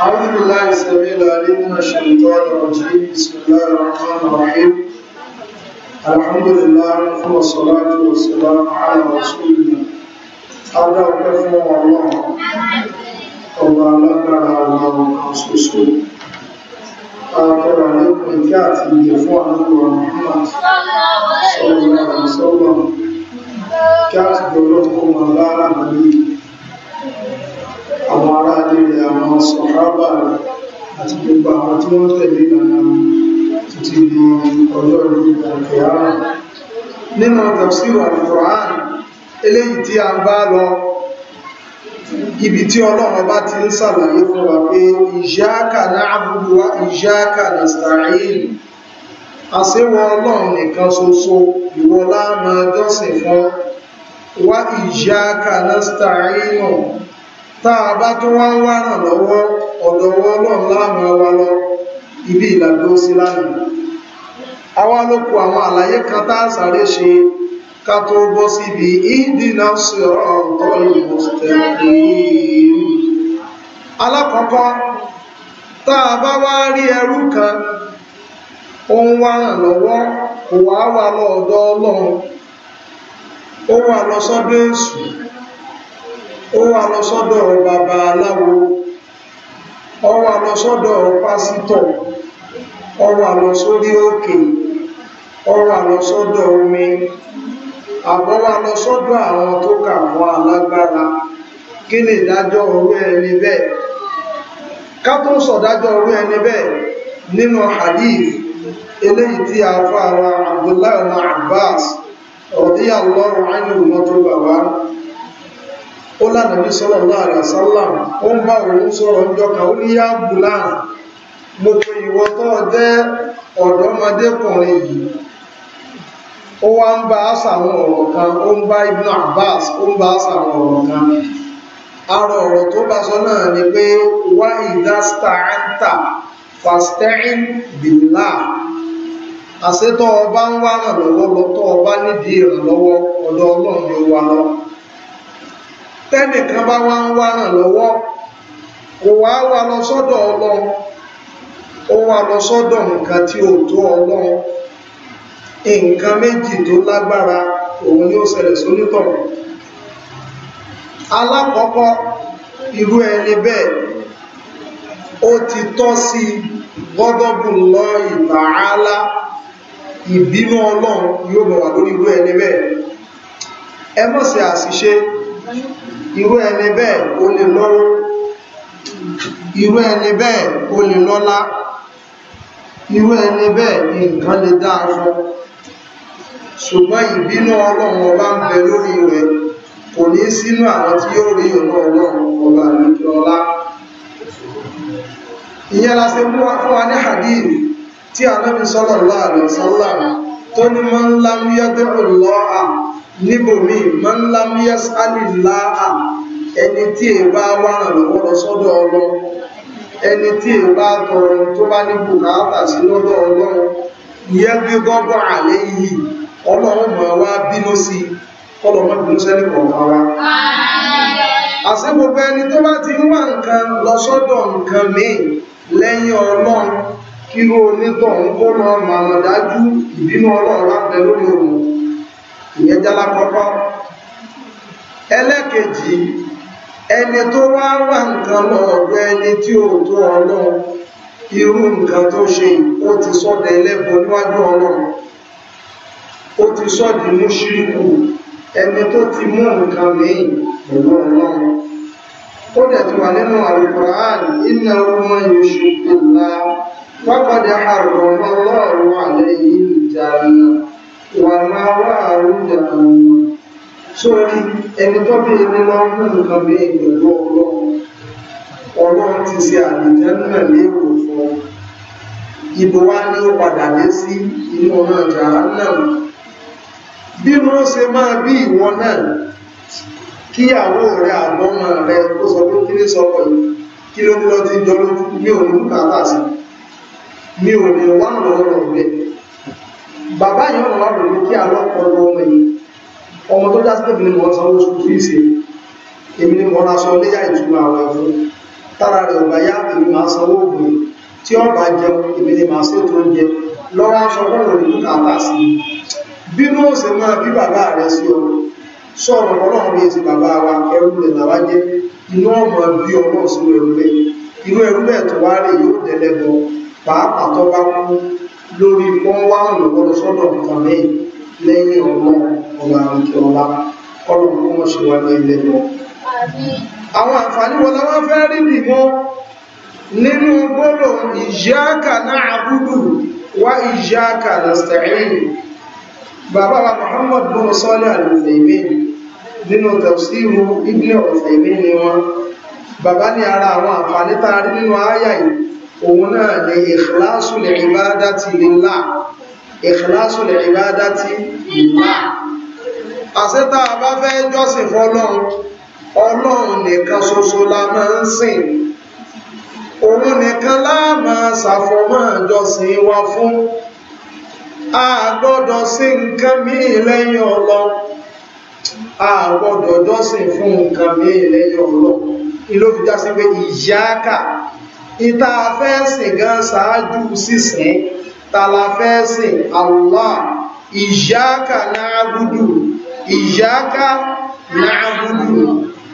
أعوذ بالله السميع العليم من الشيطان الرجيم بسم الله الرحمن الرحيم الحمد لله ثم الصلاة والسلام على رسول الله هذا كفر الله ọba alágbára àwọn ọ̀sọ̀sọ̀ àkọ́rọ̀ lẹ́kùn ìkẹ́ àti ìyẹ̀ fún àdúgbò Muhammad sọ̀rọ̀ àìsọ́gbọ̀ kí a ti gbọ́rọ̀ fún ọmọ lára àmàlẹ́ àwọn ará àwọn sọ̀hábà àti gbogbo àwọn tí wọ́n tẹ̀lé ìlànà títí inú ọjọ́ ìrìnlẹ̀ àkẹ́yàrá nínú tafsir al-Qur'an eléyìí tí a bá lọ ibi tí ọlọ́run bá ti ń sàlàyé fún wa pé iyyaka na'budu wa iyyaka nasta'in àṣewọ ọlọ́run nìkan ṣoṣo ìwọ la máa jọ́sìn fún wa iyyaka nasta'in tá a bá tún wá ń wá ràn lọ́wọ́ ọ̀dọ̀ wọn ọlọ́run láàmú wa lọ ibi ìlàgbó sí lánàá àwa ló kù àwọn àlàyé kan tá a sáré ṣe ká tó bọ́ síbi ìdínà sọ̀rọ̀ ọ̀tọ̀ ìmọ̀sítẹ̀kùn alákọ̀ọ́kọ́ tá a bá wá rí ẹrú kan ó ń wá ràn lọ́wọ́ kò wá wà lọ́ọ̀dọ̀ ọlọ́run ó wà lọ sọ́dọ̀ èṣù ó wà lọ sọdọ bàbá aláwo ó wà lọ sọdọ pásítọ̀ ó wà lọ sórí òkè ó wà lọ sọ́dọ̀ omi àbọ̀ wà lọ sọ́dọ̀ àwọn tó kà mọ́ alágbára kí lè dájọ́ orú ẹni bẹ́ẹ̀ ká tó sọ̀dájọ́ orú ẹni bẹ́ẹ̀ nínú hadith eléyìí tí a fọ́ àwọn Abdullahi Abbas radiyallahu anhu mọ́tò bàbá ó lànà ní sallallahu alaihi wasallam ó ń bá òun sọ̀rọ̀ ọjọ́ka ó ní yá gulam mo pe ìwọ tó jẹ́ ọ̀dọ́mọdékùnrin yìí ó wá ń bá sàwọn ọ̀rọ̀ kan ó ń bá Ibn Abbas ó ń bá sàwọn ọ̀rọ̀ kan ara ọ̀rọ̀ tó bá sọ náà ni pé wá ìdástàáńtà fasta'in ọba ń wá ràn lọ́wọ́ lọ́tọ́ ọba nídìí ìrànlọ́wọ́ ọ̀dọ̀ Ọlọ́run ló wà lọ́wọ́ tẹ́nìkan bá wá ń wá ràn lọ́wọ́ kò wá wá lọ sọ́dọ̀ ọlọ́run ó wà lọ sọ́dọ̀ nǹkan tí ó tó ọlọ́run nǹkan méjì tó lágbára òun ni ó ṣẹlẹ̀ sónítọ̀ alákọ̀ọ́kọ́ irú ẹni bẹ́ẹ̀ ti tọ́ sí lọ ìbínú ọlọ́run yóò ẹ mọ̀ sí irú ẹni bẹ́ẹ̀ ó lè lọ́wọ́ irú ẹni bẹ́ẹ̀ ó lè lọ́lá irú ẹni bẹ́ẹ̀ ni nǹkan lè dá aṣọ ṣùgbọ́n ìbínú ọlọ́run ọba ń bẹ lórí rẹ̀ kò ní sínú àwọn tí yóò rí ìrọ̀ ọlọ́run ọba àlejò ọlá ìyẹn la ṣe wa fún wa ní hadith tí Ànábì sallallahu alaihi wasallam tó ní man lam yad'ullaha níbòmí man lam yas'alillaha ẹni tí è bá wà lọ́wọ́ lọ sọ́dọ̀ ọlọ́run ẹni tí è bá tọrọ tó bá ní bùkátà sí lọ́dọ̀ ọlọ́run yẹ bí gọ́bọ̀ àlẹ́ yìí ọlọ́run mọ̀ wá bínú sí kọlọ̀mọ́ bínú sẹ́lẹ̀ kọ̀ọ̀kan wa àṣẹ gbogbo ẹni tó bá ti ń wá nǹkan lọ sọ́dọ̀ nǹkan míì lẹ́yìn ọlọ́run kíró onítọ̀hún kó máa màmọ̀ dájú ìbínú ọlọ́run lápẹ lórí ìyẹn jálá kọ́kọ́ ẹni tó wá wà nǹkan lọ́ọ̀dọ̀ ẹni tí ó tó ọlọ́run irú nǹkan tó ṣe ó ti sọ́dẹ níwájú ó ti ṣíríkù ẹni ti mú nǹkan mìíràn pẹ̀lú ó dẹ̀ ti wà nínú àlùkò ààrùn فقد حرم الله عليه الجنة وما وعد جهنم sórí ẹni tó bí ẹni máa ń mú nǹkan bí ìgbẹ̀lú ọlọ́run ọlọ́run ti ṣe àlùjẹ́ náà léèwò fún ọ ìbò wa ni ó padà dé sí inú ọ̀nà jahannam bí wọ́n ṣe máa bí ìwọ náà kíyàwó rẹ̀ àbọ́mọ rẹ̀ ó sọ pé kí ní sọ pẹ̀lú kí ló ní lọ ti jọ lójú òun kàtà sí i mi ò lè wá lọ́rọ̀ rẹ̀ bàbá yìí wọ́n wá ní kí alọ́pọ̀lọ́ ọmọ yìí ọmọ tó dá sílẹ̀ ní wọ́n sanwó fíìsì èmi ni wọ́n aṣọ léyà ìtumọ̀ àwọn ẹ̀fún tára rẹ̀ ọ̀gbà yá èmi máa tí bá èmi ni màá oúnjẹ aṣọ sí máa bí bàbá rẹ̀ sí ọ ọlọ́run bí pàápàá tó bá kú lórí wọn wá ìrànlọ́wọ́ lọ sọ́dọ̀ nǹkan mẹ́yìn lẹ́yìn ọ̀gbọ́n ọba àrùkẹ́ ọlá ọlọ́run kó wọ́n ṣe wá ní ilé lọ. àwọn àǹfààní wọn làwọn fẹ́ rí bì nínú gbọ́dọ̀ iyyaka na'budu wa iyyaka nasta'in bàbá wa Muhammad bin Salih al-Uthaymeen nínú tafsiru Ibn Uthaymeen ni wọn bàbá ní ara àwọn àǹfààní tá a rí nínú ááyà yìí òun náà ni ikhlasu li ibadati lillah ikhlasu li ibadati lillah àṣetá a bá fẹ́ jọ́sìn fọlọ́run ọlọ́run nìkan ṣoṣo la máa ń sìn òun nìkan láàmà ṣàfọ̀mọ́ ìjọsìn wa fún a sí nǹkan míì lẹ́yìn ọlọ́ a jọ́sìn fún nǹkan míì lẹ́yìn ọlọ́ ìlú fi já sí pé ìyáàkà ìta fẹ́ sìn gan ṣáájú sísìn tala fẹ́ sìn Allah ìyáka náàbùdù ìyáka náàbùdù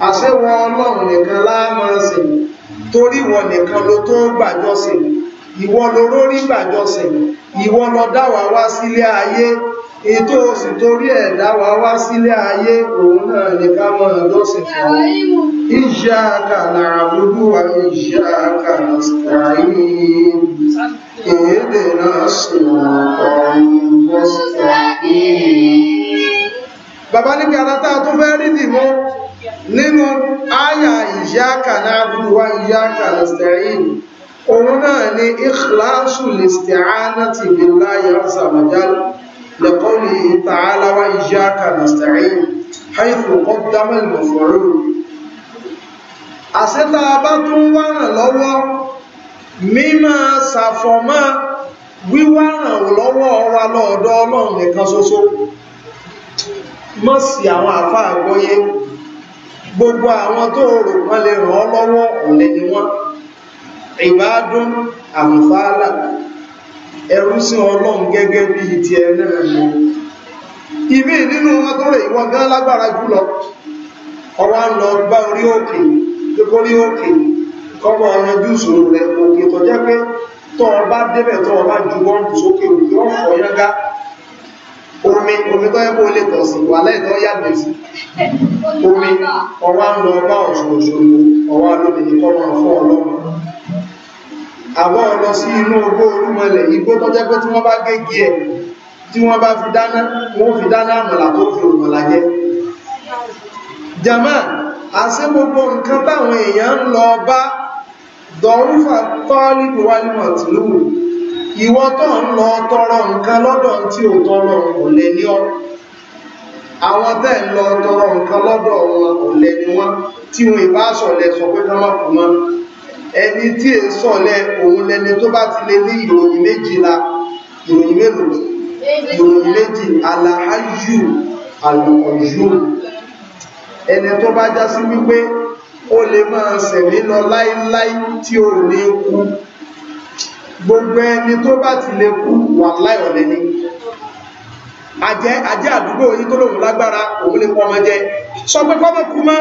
àṣẹwọ ọlọ́run nìkan láàmà sìn torí wọn nìkan ló tó gbàjọ́sìn ìwọ lórí gbàjọ́sìn ìwọ ló dá wa wá sílé ayé ètò òsì torí ẹ̀ dá wa wá sílé ayé òun náà ní ká mọ́ fún iyyaka na'budu wa iyyaka nasta'in ihdina as-sirata bàbá ní kí tó fẹ́ rí dìmọ́ nínú àyà iyyaka na'budu wa iyyaka nasta'in òun náà ni ikhlasu listi'anati billahi azza wa jalla liqawlihi ta'ala wa iyyaka nasta'in haythu qaddama al-maf'ul àṣẹ́ta bá tún wá ràn lọ́wọ́ mímọ́ ṣàfọ̀mọ́ wíwá ràn lọ́wọ́ wa lọ́ọ̀dọ̀ ọlọ́run nìkan ṣoṣo mọ́ sí àwọn àfáà gbọ́yé gbogbo àwọn tó rò wọ́n lè ràn ọ́ lọ́wọ́ ọ̀lẹ ni ìbádùn àmúfàálà ẹrú sí ọlọ́run gẹ́gẹ́ bí i ti ẹ̀rẹ́ ẹ̀mọ́ ìmí nínú wọn ìwọ̀n gan lágbára jùlọ ọwá ń lọ gbá orí òkè lókórí òkè kọmọ ọ̀nà jùsù rẹ̀ òkè tó jẹ́ pé ọba débẹ̀ ọba sókè òkè omi omi tó yẹ kó lè tọ̀ sí wà láì omi ọwá ń lọ àwọ̀ ọ̀rọ̀ sí inú ogbó orúmọlẹ̀ igbó tó jẹ́ pé tí wọ́n bá gégi ẹ̀ tí wọ́n bá fi dáná wọ́n fi dáná àmàlà tó fi òmàlà jẹ́ jama àṣẹ gbogbo nǹkan báwọn èèyàn ń lọ bá dọ̀rúfà tọ́rí ìwálìmọ̀ tìlú ìwọ tó ń lọ tí ò ìbá sọ̀lẹ̀ sọ pé kán ẹni tí è sọ̀lẹ̀ òun lẹni tó bá ti lé ní ìròyìn méjìlá ìròyìn mélòó ìròyìn méjì aláhájú àlùkọ̀jú ẹni tó bá já sí wípé ó lè máa sẹ̀mí lọ láíláí tí ó ní kú gbogbo ẹni tó bá ti lè kú wà láìọ̀lẹ́ ni ajẹ́ àdúgbò yìí tó lòun lágbára òun lè pọ́ ọmọ jẹ sọ pé kọ́mọ kú mọ́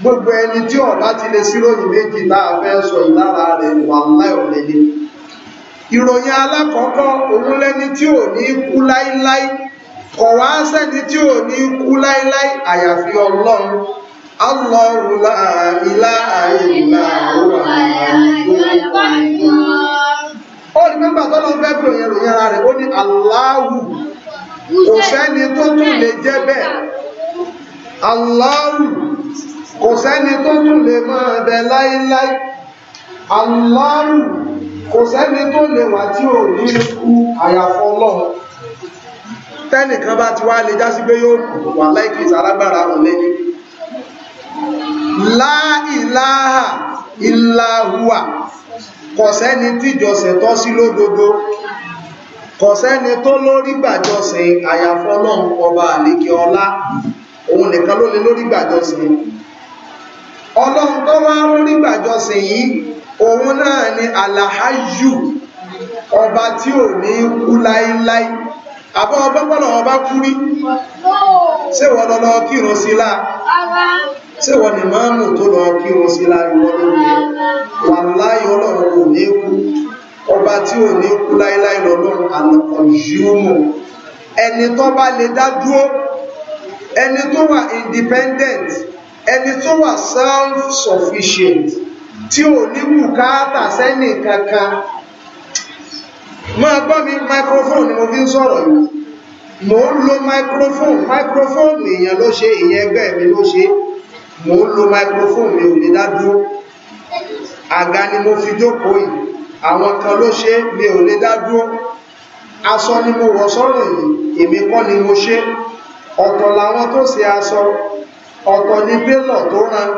gbogbo ẹni tí ọba ti lè síròyìn méjì láà fẹ́ sọ ìlara rẹ̀ wà láìọ̀lẹ́ ni ìròyìn alákọ̀ọ́kọ́ òun lẹ́ni tí ò ní kú láíláí kọ̀ wá sẹ́ni tí ò ní kú láíláí àyàfi ọlọ́run Allahu la ilaha illa huwa ó ní mẹ́gbà tó lọ fẹ́ pè òyìn ìròyìn ara rẹ̀ ó ní Allahu kò sẹ́ni tó tún lè jẹ́ bẹ́ẹ̀ Allahu kò sẹ́ni tó tún lè máa bẹ láíláí aláàrù kò sẹ́ni tó lè wà tí ò ní kú àyàfọ́ ọlọ́run tẹ́nìkan bá ti wá lè já sí pé yóò kù wà láìkí ìsàlágbára ọ̀rùn lẹ́yìn láìláà ìlàhùwà kò sẹ́ni tíjọsẹ̀ tọ́ sí lódodo kò sẹ́ni tó lórí gbàjọsìn àyàfọ́ ọlọ́run ọba àlékè ọlá òun nìkan ló lè lórí gbàjọsìn ọlọ́run tó wá ń rí gbàjọsìn yìí òun náà ni alahaju ọba tí ò ní kú láíláí àbọ̀ ọba pọ̀lọ̀ ọba kú rí ṣéwọ lọ lọ kírun sí láà ṣéwọ ni máàmù tó lọ kírun sí láà ìwọ lórí wà láì ọlọ́run ò ní kú ọba tí ò ní kú láíláí lọ́lọ́run àlọ́kọ̀ yúmù ẹni tó bá lè dá dúró ẹni tó wà independent ẹni tó wà self sufficient tí ò ní bùkátà sẹ́nì kankan máa gbọ́ mi microphone ni mo fi ń sọ̀rọ̀ yìí mò ń lo microphone microphone èèyàn ló ṣe ìyẹn ẹgbẹ́ mi ló ṣe mò ń lo microphone mi ò ní dádúró àga ni mo fi jókòó yìí àwọn kan ló ṣe mi ò ní dádúró aṣọ ni mo wọ̀ sọ́rọ̀ yìí èmi kọ́ ni mo ṣe ọ̀tọ̀ làwọn tó ṣe aṣọ ọ̀tọ̀ ni bélọ̀ tó ran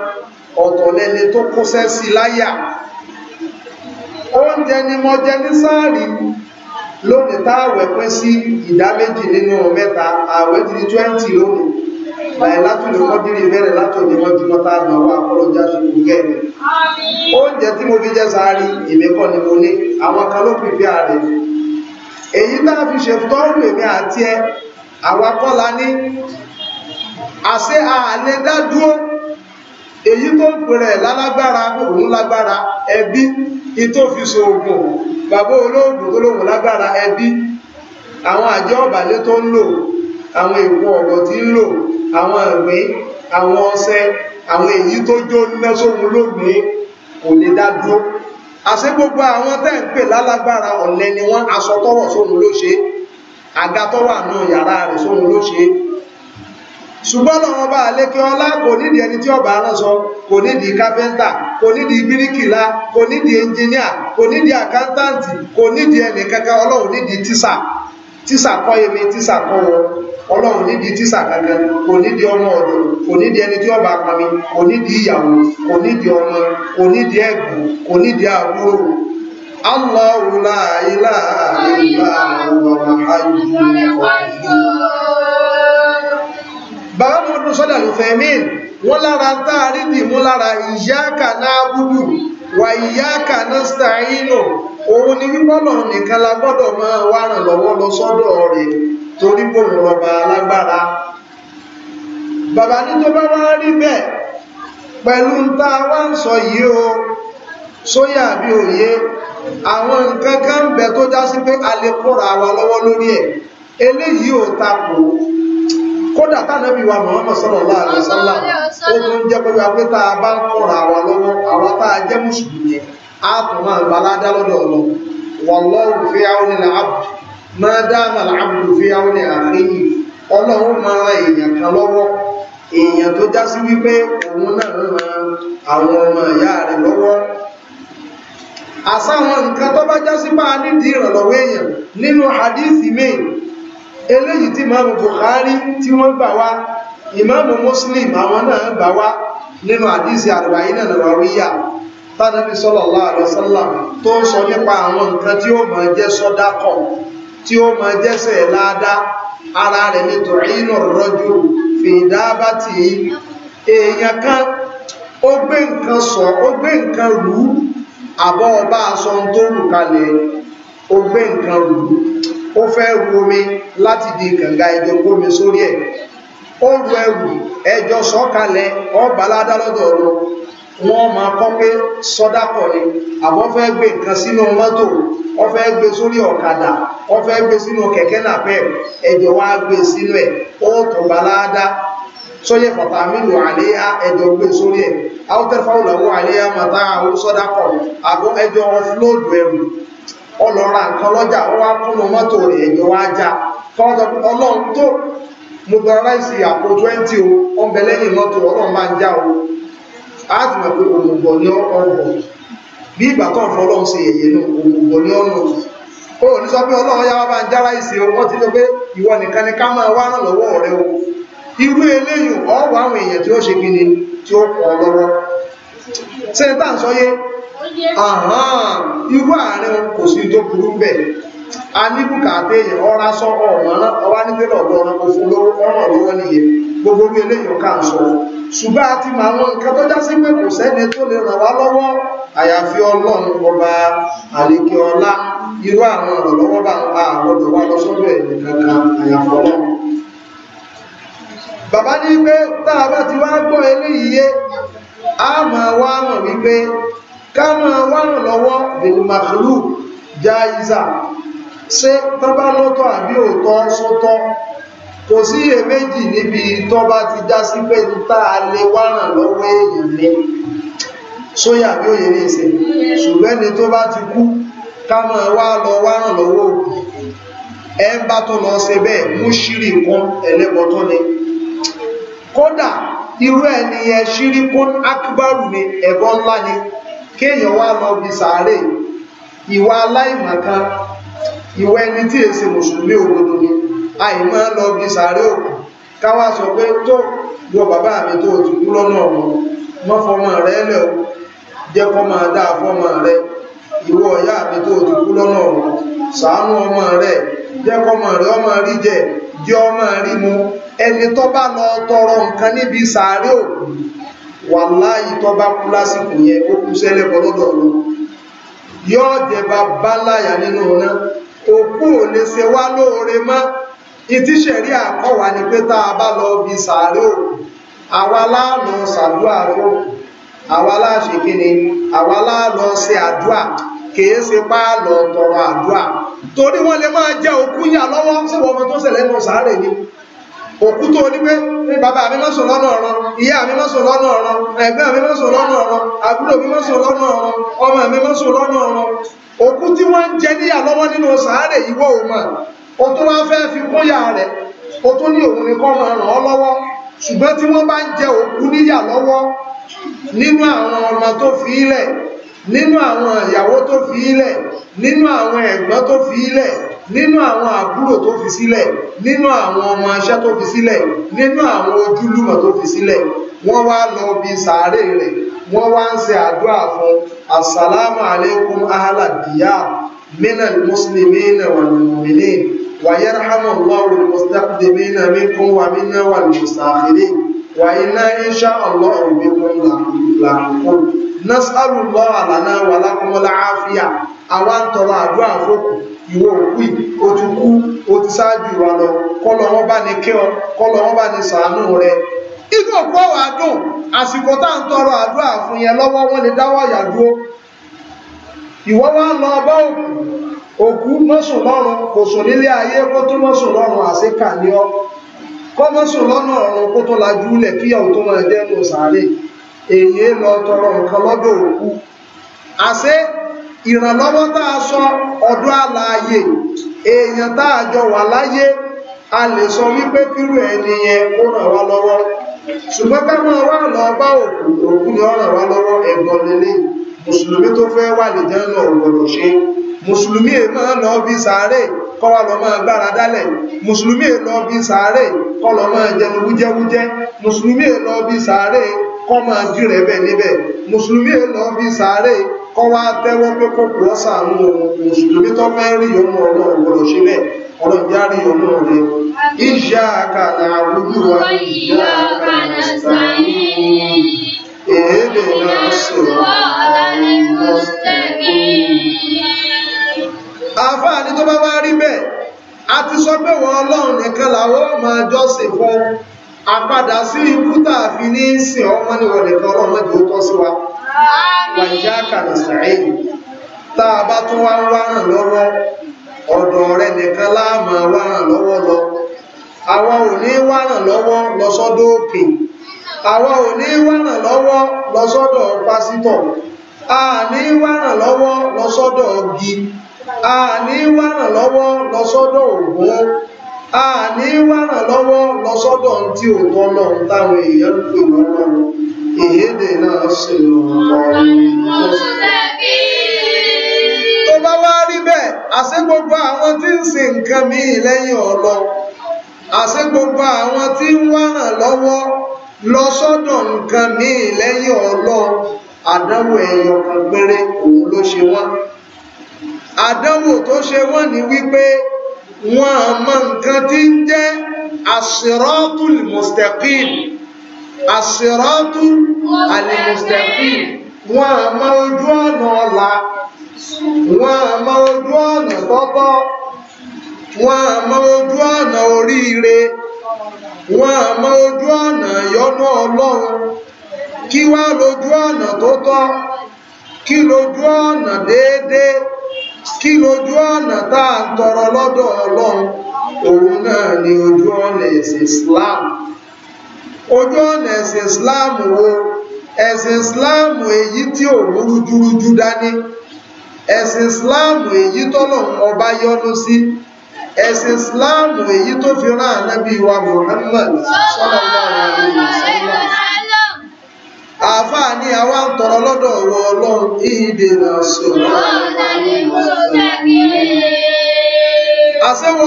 ọ̀tọ̀ lẹni tó kóṣẹ́ sí láyà oúnjẹ ni mo jẹ ní sáàrì lónìí tá àwẹ̀ pín sí ìdá méjì nínú mẹ́ta àwẹ̀ ti di twenty lónìí báyìí látòlè kọ́dírì bẹ̀rẹ̀ látòlè mọ́júmọ́ tá a gbà wá ọlọ́jà ṣubú gẹ̀ẹ́rẹ́ oúnjẹ tí mo fi jẹ sáàrì èmi kọ́ ni mo ní àwọn kan ló pèpè ààrẹ èyí tá a fi ṣe tọ́rù èmi àti ẹ àwa kọ́ ní àṣẹ àlẹ dádúró èyí tó ń pèrè lálágbára òun lágbára ẹbí ìtò fi ṣoògùn bàbá olóògùn tó lóhùn lágbára ẹbí àwọn àjọ ọ̀bàlẹ̀ tó ń lò àwọn èkó ọ̀rọ̀ tí ń lò àwọn ìwé àwọn ọṣẹ àwọn èyí tó jó níná sóhun lónìí kò lè dá dúró àṣẹ gbogbo àwọn tẹ́ ń pè lálágbára ọ̀lẹ ni wọ́n aṣọ tọwọ̀ sóhun ló ṣe àga tọwọ̀ àánú yàrá rẹ̀ sóhun ló ṣe ṣùgbọ́n lọ́wọ́ bá alékẹ́ ọlá kò nídìí ẹni tí ọba aránṣọ kò nídìí kápẹ́ntà kò nídìí bíríkìlá kò nídìí ẹnjìníà kò nídìí àkántáǹtì kò nídìí ẹnì kankan ọlọ́run nídìí tíṣà tíṣà kọ́ èmi tíṣà kọ́ wọn ọlọ́run nídìí tíṣà kankan kò nídìí ọmọ ọ̀dọ̀ kò nídìí ẹni tí ọba apami kò nídìí ìyàwó kò nídìí ọmọ kò nídìí ẹ̀gbọ́n kò nídìí àbúrò Allahu la ilaha illa huwa al-hayyul bàbá mọ́dún sọ́dà ló fẹ́ mí wọ́n lára táàrí dìmú lára ìyáàkà náà gúdù wà ìyáàkà náà staino òun ni wípọ́lọ̀ nìkan la gbọ́dọ̀ máa wá ràn lọ́wọ́ lọ sọ́dọ̀ rẹ̀ torí bòun ọba alágbára bàbá ní tó bá wá a wá ń sọ yìí o sóyà bí òye àwọn kódà tánàbí wa Muhammad sallallahu alaihi wasallam ó tún jẹ́ pé wíwá pé tá a bá ń kọ̀ra àwa lọ́wọ́ àwa tá a jẹ́ mùsùlùmí á tún máa gba aládá lọ́dọ̀ lọ wallahu fi auni al-abd ma dama al-abdu fi auni akhihi ọlọ́run máa ran èèyàn kan lọ́wọ́ èèyàn tó já sí wípé òun náà ran àwọn ọmọ ìyá rẹ̀ lọ́wọ́ àsáwọn nǹkan tó bá já sí máa nídìí ìrànlọ́wọ́ èèyàn nínú hadithi mẹ́rin eléyìí tí Imam Bukhari tí wọ́n gbà wá Imam Muslim àwọn náà gbà wá nínú àdísì arba'ina nawawiyya tánàbí sallallahu alaihi wasallam tó ń sọ nípa àwọn nǹkan tí ó máa jẹ́ sọ́dákọ̀ tí ó máa jẹ́sẹ̀ láadá ara rẹ̀ ní tọ̀rínù rọ́jú fìdábàtì èèyàn kan ó gbé nǹkan sọ ó gbé nǹkan rú àbọ́ ọba aṣọ tó rù kalẹ̀ ó gbé nǹkan rú ó fẹ́ ru omi láti di kànga ẹjọ́ gómi sórí ẹ̀ ó ru ẹrù ẹjọ́ sọ́kalẹ̀ ọ̀bàládá lọ́dọ̀ ọ̀rọ̀ wọ́n máa kọ́ pé sọ́dákọ̀ ni àbọ́ fẹ́ gbé nǹkan sínú mọ́tò ó fẹ́ gbé sórí ọ̀kadà ó fẹ́ gbé sínú kẹ̀kẹ́ nàpẹ́ ẹjọ́ wá gbé sínú ẹ̀ ó tó bàládá sọ́yẹ́ fàtàmìlù àléyá ẹjọ́ gbé sórí ẹ̀ áwọ́tẹ́fáwọ́lọ́wọ́ àléyá màtá àwọn sọ́dákọ̀ àbọ́ ẹjọ́ ọ̀flóòdù ẹrù ọlọ́ra nǹkan lọ́jà ó wá kúnnú mọ́tò rẹ̀ wá já ọlọ́run tó mo gba ráìsì àpò 20 o lẹ́yìn mọ́tò ọlọ́run máa ń já o á ti mọ̀ pé òmùgbọ̀ ní ọ̀rọ̀ bí ìgbà tó ń fọ ọlọ́run nù òmùgbọ̀ ní ọ̀nà o ní sọ pé ọlọ́run yá wá bá o wọ́n ti sọ pé ìwọ nìkan ni ká máa wá lọ́wọ́ rẹ o irú eléyìí àwọn èèyàn tí irú àárín kò sí tó burú bẹ́ẹ̀ a ní bùkátà èèyàn ọ̀rá sọ ọ̀ràn ọwá ní gbé lọ́dọ̀ ọ̀ràn kò fún lówó ọ̀ràn lówó nìyẹn gbogbo orí eléyìn ká ń sọ ṣùgbọ́n a ti máa wọn nǹkan tó já sí pé kò sẹ́ni tó lè ràn wá lọ́wọ́ àyàfi ọlọ́run ọba àlékè ọlá irú àwọn ìrànlọ́wọ́ bá ń pa àwọn ọ̀dọ̀ wa lọ sọ́dọ̀ ẹ̀ kankan àyàfi ọlọ́run bàbá ní pé tá a bá ti wá gbọ́ eléyìí yé a máa wá mọ̀ wípé ká máa wárùn lọ́wọ́ bèlìmàkìlú jáìzà ṣé tọ́bá lọ́tọ̀ àbí òótọ́ sótọ́ kò sí iyèméjì níbi tọ́bá ti já sí pé tá a lè wárùn lọ́wọ́ èèyàn lé sóyà bí òye ní ìsìn ṣùgbẹ́ni tó bá ti kú ká máa wá lọ wárùn lọ́wọ́ ẹ bá tó lọ ṣe bẹ́ẹ̀ mú ṣírí kan ẹlẹ́bọ ni kódà irú ẹni yẹn ṣírí kún akíbárù ni ẹ̀bọ ńlá ni kéèyàn wá lọ bí sàárè ìwà aláìmọ̀kan ìwà ẹni tí èsì mùsùlùmí òdodo ni àìmọ́ lọ bí sàárè òkú káwá sọ pé tó wọ bàbá mi tó ti kú lọ́nà ọ̀nà wọ́n fọmọ rẹ̀ lẹ̀ o jẹ́ kọ́ máa fọmọ rẹ̀ ìwọ ọ̀yá mi tó ti kú lọ́nà ọ̀nà ṣàánú ọmọ rẹ̀ jẹ́ kọ́mọ rẹ̀ ọmọ rí jẹ jẹ́ ọmọ rí mu ẹni tó bá lọ tọrọ nǹkan níbi sàárè òkú wàláyì tó bá kú lásìkò yẹn ó kú sẹ́lẹ̀bọ lọ́dọ̀ ọ̀run yóò jẹba báláyà nínú ọ̀run òkú ò lè ṣe wá lóore mọ́ ìtíṣẹ̀rí àkọ́wà ni pé tá a bá lọ bí sàárè òkú àwa láàmú sàdúà fún àwa láṣẹ kíni àwa láàlọ ṣe àdúà kìí ṣe bá lọ tọrọ àdúà torí wọn lè máa jẹ òkú yà lọ́wọ́ síwọ́n tó ṣẹlẹ̀ nù sàárè ni òkú tó onígbé bàbá mi mọ́sùn lọ́nà ọ̀rọ̀ ìyá mi mọ́sùn lọ́nà ọ̀rọ̀ ẹ̀gbẹ́ mi mọ́sùn lọ́nà ọ̀rọ̀ àbúrò mi mọ́sùn lọ́nà ọ̀rọ̀ ọmọ mi mọ́sùn lọ́nà ọ̀rọ̀ òkú tí wọ́n ń jẹ níyà lọ́wọ́ nínú sàárè ìwọ òmà o tó wá fẹ́ fi kóyà rẹ̀ o tó ní òun nìkan máa ràn ọ́ lọ́wọ́ ṣùgbọ́n tí wọ́n bá ń jẹ òkú níyà lọ́wọ́ nínú àwọn ọmọ tó fi ilẹ̀ nínú àwọn ìyàwó tó fi ilẹ̀ nínú àwọn ẹ̀gbọ́n tó fi ilẹ̀ nínú àwọn àbúrò tó fi sílẹ̀ nínú àwọn ọmọ aṣẹ́ tó fi sílẹ̀ nínú àwọn ojúlùmọ̀ tó fi sílẹ̀ wọ́n wá lọ bí sàárè rẹ̀ wọ́n wá ń ṣe àdúrà fún assalamu alaikum ahala diya minal muslimina wal mu'minin wa yarhamullahu al mustaqdimina minkum wa ìwọ òkú yìí o ti kú o ti ṣáájú ìwà lọ kọlọ wọn bá ní kí ọ kọlọ wọn bá ní sàánú rẹ inú òkú ọwọ àdùn àsìkò tá à ń tọrọ àdúrà fún yẹn lọ́wọ́ wọn lè dáwọ́ àyà dúró ìwọ wá lọ bá òkú òkú mọsùn lọ́rùn kò sùn nílé ayé kó tó mọsùn lọ́rùn àṣekà ní ọ kọ mọsùn lọ́nà ọ̀run kó tó lajú lẹ kíyàwó tó máa jẹ nù sàárè èyí lọ tọrọ nǹkan lọ́dọ̀ òkú àṣẹ ìrànlọ́wọ́ tá a sọ ọ̀dọ́ àlàyé èèyàn tá a jọ wà láyé a lè sọ wípé kírú ẹni yẹn ó ràn wá lọ́wọ́ ṣùgbọ́n káwọn wà lọ bá òkú òkú ni ó ràn wá lọ́wọ́ ẹ̀gbọ́n lélẹ̀ mùsùlùmí tó fẹ́ wà lè jẹ́ náà gbọ́dọ̀ ṣe mùsùlùmí è máa lọ bí sàárè kọ́ wa lọ máa gbára dálẹ̀ mùsùlùmí è lọ bí sàárè kọ́ lọ máa jẹnu kọ́ máa dìrẹ̀ bẹ̀ níbẹ̀ mùsùlùmí ẹ̀ lọ bí sàárè kọ́ wá tẹ́wọ́ pé kò kú ọ́sà àwọn mùsùlùmí tó fẹ́ rí ọmọ ọlọ́run gbọ́dọ̀ ṣe bẹ́ẹ̀ ọ̀rọ̀ ìjà rí ọmọ rẹ̀ ìṣe àkàlà àbújú wa ìṣe àkàlà sàyìn èébè náà sọ̀rọ̀ àfáàní tó bá wá rí bẹ́ẹ̀ a ti sọ pé wọn ọlọ́run nìkan làwọn máa jọ́sìn fún àpadà sí ikú fi ní ìsìn ọmọ níwọ̀n nìkan ọlọ́mọdé ó tọ́ sí wa wàjá kàlà sàáyì tá a bá tún wá ń wárán lọ́wọ́ ọ̀dọ̀ rẹ nìkan láàmà lọ́wọ́ lọ àwa ò ní lọ́wọ́ lọ́sọ́dọ̀ àwa ò ní lọ́wọ́ lọ́sọ́dọ̀ pásítọ̀ a ní lọ́wọ́ lọ́sọ́dọ̀ ọgi a ní a ní wárà lọ́wọ́ lọ́sọ́dọ̀ tí ò tọ́ náà táwọn èèyàn ń pè wọ́n náà ìyédè náà sì tó bá wá rí bẹ́ẹ̀ àṣẹ gbogbo àwọn tí ń sin nǹkan míì lẹ́yìn ọ̀lọ́ àṣẹ gbogbo àwọn tí ń wárà lọ́wọ́ lọ́sọ́dọ̀ nǹkan míì lẹ́yìn ọ̀lọ́ àdánwò ẹ̀yọ kan péré òun ló ṣe wọ́n àdánwò tó ṣe wọ́n ní wípé wọn àmọ́ nǹkan tí ń jẹ́ àṣírọ́tù mustaqim àṣírọ́tù al-mustaqim wọn àmọ́ ojú ọ̀nà ọ̀la wọn àmọ́ ojú ọ̀nà tọ́tọ́ wọn àmọ́ ojú ọ̀nà oríire wọn àmọ́ ojú ọ̀nà yọ́nú ọlọ́run kí wá lójú ọ̀nà tó kí lójú ọ̀nà déédéé kí lójú ọ̀nà tá à ń tọrọ lọ́dọ̀ ọlọ́run òun náà ni ojú ọ̀nà ẹ̀sìn Islam ojú ọ̀nà ẹ̀sìn Islam wo ẹ̀sìn Islam èyí tí ò rúrú júrújú dání ẹ̀sìn Islam èyí tọ́lọ́run ọba yọ́nú sí ẹ̀sìn Islam èyí tó fi rán ànábì wa Muhammad sallallahu alaihi wasallam àfáà ní àwa ń tọrọ lọ́dọ̀ ọ̀wọ́ ọlọ́run ìdè náà sọ̀rọ̀.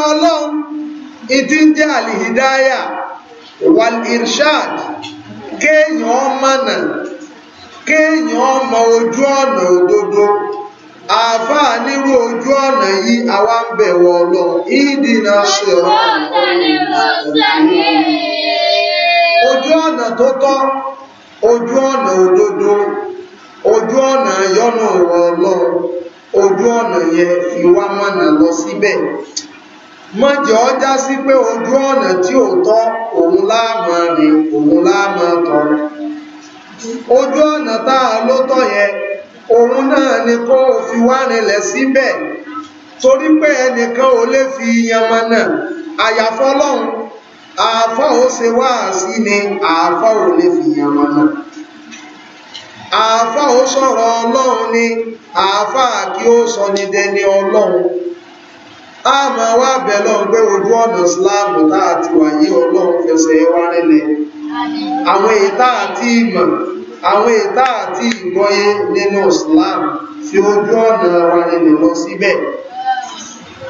ọlọ́run ìdí ń jẹ́ àlìhídáyà kéèyàn mọ̀nà kéèyàn mọ ojú ọ̀nà òdodo àfáà nírú ojú ọ̀nà yìí àwa ń bẹ̀wọ̀ ojú ọ̀nà tó tọ́. ojú ọ̀nà òdodo ojú ọ̀nà yọ́nà ọ̀rọ̀ ọlọ́run ojú ọ̀nà yẹn fi wá lọ síbẹ̀ má jẹ́ já sí pé ojú ọ̀nà tí ò tọ́ òun láàmà rìn òun láàmà tọ́ ojú ọ̀nà tá a ló ni kó o fi wá rinlẹ̀ síbẹ̀ torí pé ẹnìkan ò lè fi àyàfọ́ àáfà ó ṣe wáàsí ni àáfà ò lè fìyàn mọ́nà àáfà ó sọ̀rọ̀ ọlọ́run ni àáfà kí ó sọ ní dẹni ọlọ́run a máa wá bẹ̀ lọ́n pé ojú ọ̀nà síláàmù tá a ti wà yí ọlọ́run fẹsẹ̀ wá rẹ̀lẹ̀ àwọn ètà àti ìmọ̀ àwọn ètà àti ìgbọ́yé nínú síláàmù fi ojú ọ̀nà wa rẹ̀lẹ̀ lọ síbẹ̀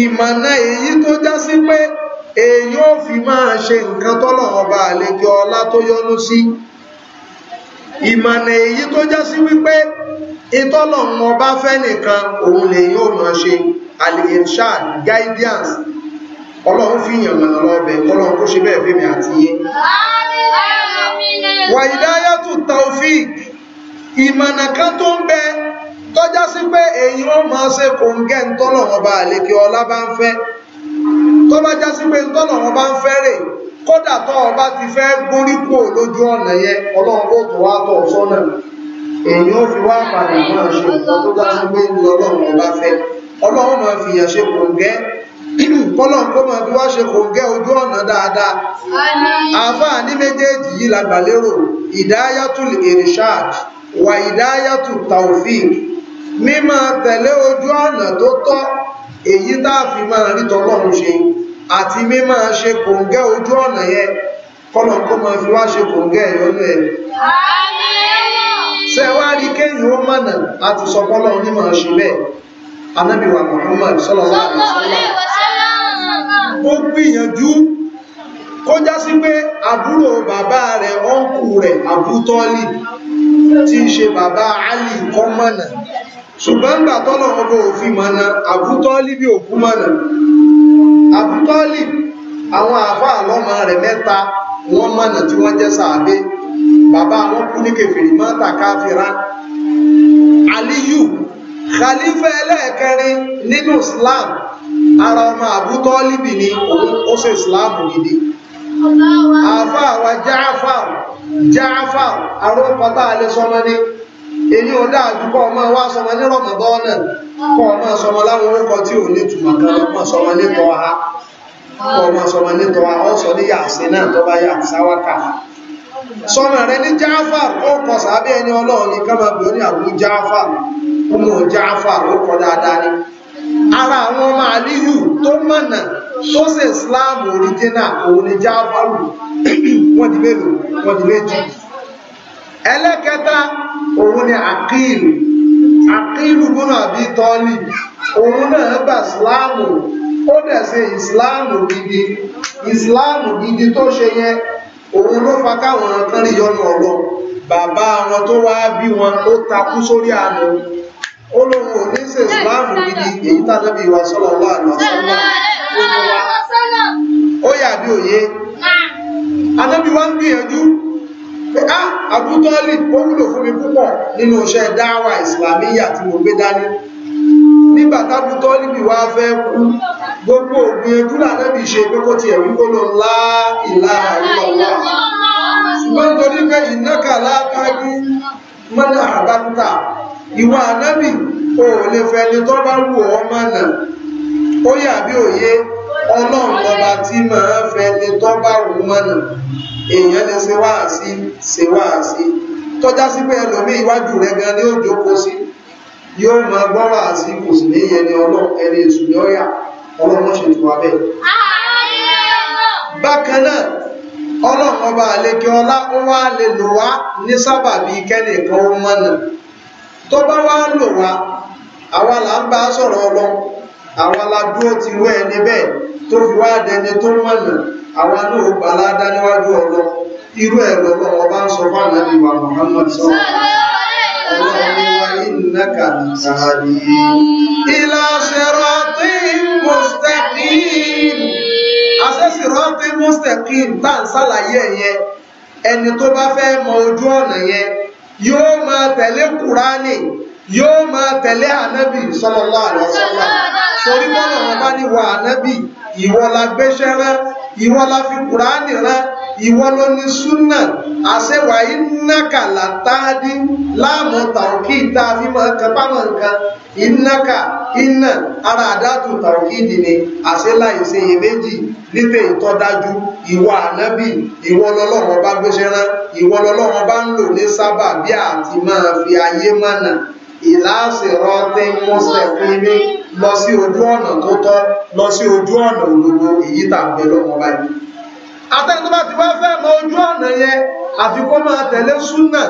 ìmọ̀nà èyí tó já sí pé èyí ò fi máa ṣe nǹkan tọ́lọ̀ ọba àlejò ọlá tó yọ́nú sí ìmọ̀nà èyí tó já sí wípé ìtọ́lọ̀ fẹ́ nìkan òun lèyìn ò máa ṣe al-irshad guidance ọlọ́run fi yàn mọ̀nà lọ́bẹ̀ ọlọ́run kó ṣe bẹ́ẹ̀ fẹ́mi àti yé wàyídáyàtù taofik ìmọ̀nà kan tó ń bẹ tọ́já sí pé èyí wọ́n máa ṣe kòǹgẹ́ ntọ́lọ̀wọ́n bá àlekè ọlá bá ń fẹ́ tó bá já sí pé ntọ́lọ̀wọ́n bá ń fẹ́ rè kódà tó o bá ti fẹ́ gbórí kúrò lójú ọ̀nà yẹn ọlọ́run ó tó wá tọ̀ sọ́nà èyí ó fi wá àpàdé náà ṣe nǹkan tó já sí pé ní ọlọ́run ọba fẹ́ ọlọ́run máa fi yàn ṣe kòǹgẹ́ kọ́lọ́n kó máa fi wá ṣe kòǹgẹ́ ojú ọ̀nà dáadáa àáfàá ní méjèèjì yìí la gbà lérò ìdáyàtú ìrìṣáàd wà ìdáyàtú tàwfíìkì mímọ́ tẹ̀lé ojú ọ̀nà tó tọ́ èyí tá a fi a rí tọlọ́run ṣe àti mímọ́ ṣe kòǹgẹ́ ojú ọ̀nà yẹn kọ́nà kó máa fi wá ṣe kòǹgẹ́ ìyọ́nú ẹ̀. sẹ́wárí kéyìn ó mọ̀nà láti sọ kọ́nà onímọ̀ ṣe bẹ́ẹ̀ anábìwà Muhammad sallallahu alaihi wasallam ó gbìyànjú kó já sí pé àbúrò bàbá rẹ̀ ọ̀nkù rẹ̀ àbútọ́lì tí ṣe bàbá Alì kọ́mọ̀nà ṣùgbọ́n gbà tọ́lọ̀ ọgbọ̀ òfin mọ̀nà àbútọ́lì bí òkú mọ̀nà àbútọ́lì àwọn àfá àlọ́mọ rẹ̀ mẹ́ta wọ́n mọ̀nà tí wọ́n jẹ́ sàábé bàbá wọn kú ní kèfèrè mọ́ta káfíra aliyu khalifa ẹlẹ́ẹ̀kẹrin nínú islam ara ọmọ àbútọ́lì bì ní òun ó ṣe islam gidi àfá àwa jáfà jáfà arópátá alẹ́sọmọ ní èyí ò dáa jù kọ́ ọmọ wa sọmọ ní náà kọ́ ọmọ sọmọ láwọn orúkọ tí ò ní ọmọ sọmọ nítọ́ ha kọ́ ọmọ sọmọ nítọ́ ha ó sọ ní yàsí náà tó bá yà sáwákà sọmọ rẹ ní Jáfàr ó kọ ẹni ọlọ́run ara àwọn ọmọ Àlíyù tó mọ̀nà tó Islam òun ní wọ́n wọ́n ẹlẹ́kẹta òun ni àkílù àkílù gbọ́nà àbí tọ́lì òun náà gbà síláàmù ó dẹ̀ ṣe ìsìláàmù gidi ìsìláàmù gidi tó ṣe yẹn òun ló fa káwọn kan rí yọnu ọ̀rọ̀ bàbá wọn tó wá bí wọn ó takú sórí àánú ó lóun ò ní ṣe ìsìláàmù gidi èyí tàbí ìwà sọ́lọ̀ láàrín ọ̀sán ó yà bí òye anábì ń gbìyànjú pé á ah, àbútọ́lì ó wúlò fún mi púpọ̀ nínú iṣẹ́ dáwà ìsìlámíyà tí mo gbé dání nígbà tábútọ́lì bí wá fẹ́ kú gbogbo ògbìyànjú lànàbí ṣe pé kó ti ẹ̀rí kó lọ lá ìlà ìlọ́wà ṣùgbọ́n nítorí pé ìnáka látàrí mọ́nà àbákútà ìwà ànábì o ò lè fẹ́ ni tó bá wù ọ́ mọ́nà ó yà bí òye ọlọ́run ọba tí màá fẹ́ ni tó bá wù mọ́nà èèyàn lè ṣe wáàsí ṣe wáàsí tọ́já sí pé ẹlòmíì iwájú rẹ̀ gan ni ó jókòó sí yóò mọ gbọ́ wáàsí kò sì ní ẹni ọlọ́run ẹni èṣù ni ó yà ọlọ́run ṣe tù wá bẹ́ẹ̀. bákan náà ọlọ́run ọba àlejò ọlá ó wá lè lò wá ní sábàbí kẹ́nìkan ó mọ̀nà tó bá wá lò wá àwa là ń bá sọ̀rọ̀ ọlọ́run àwọn aládúró ti rú ẹni bẹ́ẹ̀ tó fi wá dẹni tó mọ̀nà àwọn náà gbà ládá níwájú ọ̀lọ́ irú ẹ̀rọ lọ́wọ́ bá ń sọ fún ànábì wa Muhammad sọ́wọ́ ọlọ́run wa innaka tahdi ila siratin mustaqim àṣẹ siratin mustaqim tá à ń ṣàlàyé ẹ̀yẹ ẹni tó bá fẹ́ mọ ojú ọ̀nà yẹn yóò máa tẹ̀lé Kùránì yóò máa tẹ̀lé ànábì sallallahu alaihi wasallam torí bọ́lá wọn bá ní wa ànábì ìwọ la gbéṣẹ́ rán ìwọ la fi kùránì rán ìwọ ló ní súnà àṣẹwà ìnáka látàdí láàmú tàùkì tá a fi máa kan pámọ nǹkan ìnáka iná ara àdátù tàùkì dì ní àṣẹlá ìṣeyèméjì nílé ìtọ́dájú ìwọ ànábì ìwọ lọ́lọ́run bá gbéṣẹ́ rán ìwọ lọ́lọ́run bá ń lò ní sábà bí àti máa fi ayé mọ́nà ìlàsìrọ̀ tí mọ́sẹ̀fún ní lọ sí ojú ọ̀nà tó tọ́ lọ sí ojú ọ̀nà ológo èyí tàbí lọ́wọ́ báyìí atẹ́tọ́ bá ti wá fẹ́ mọ ojú ọ̀nà yẹn àfi kó máa tẹ̀lé súnà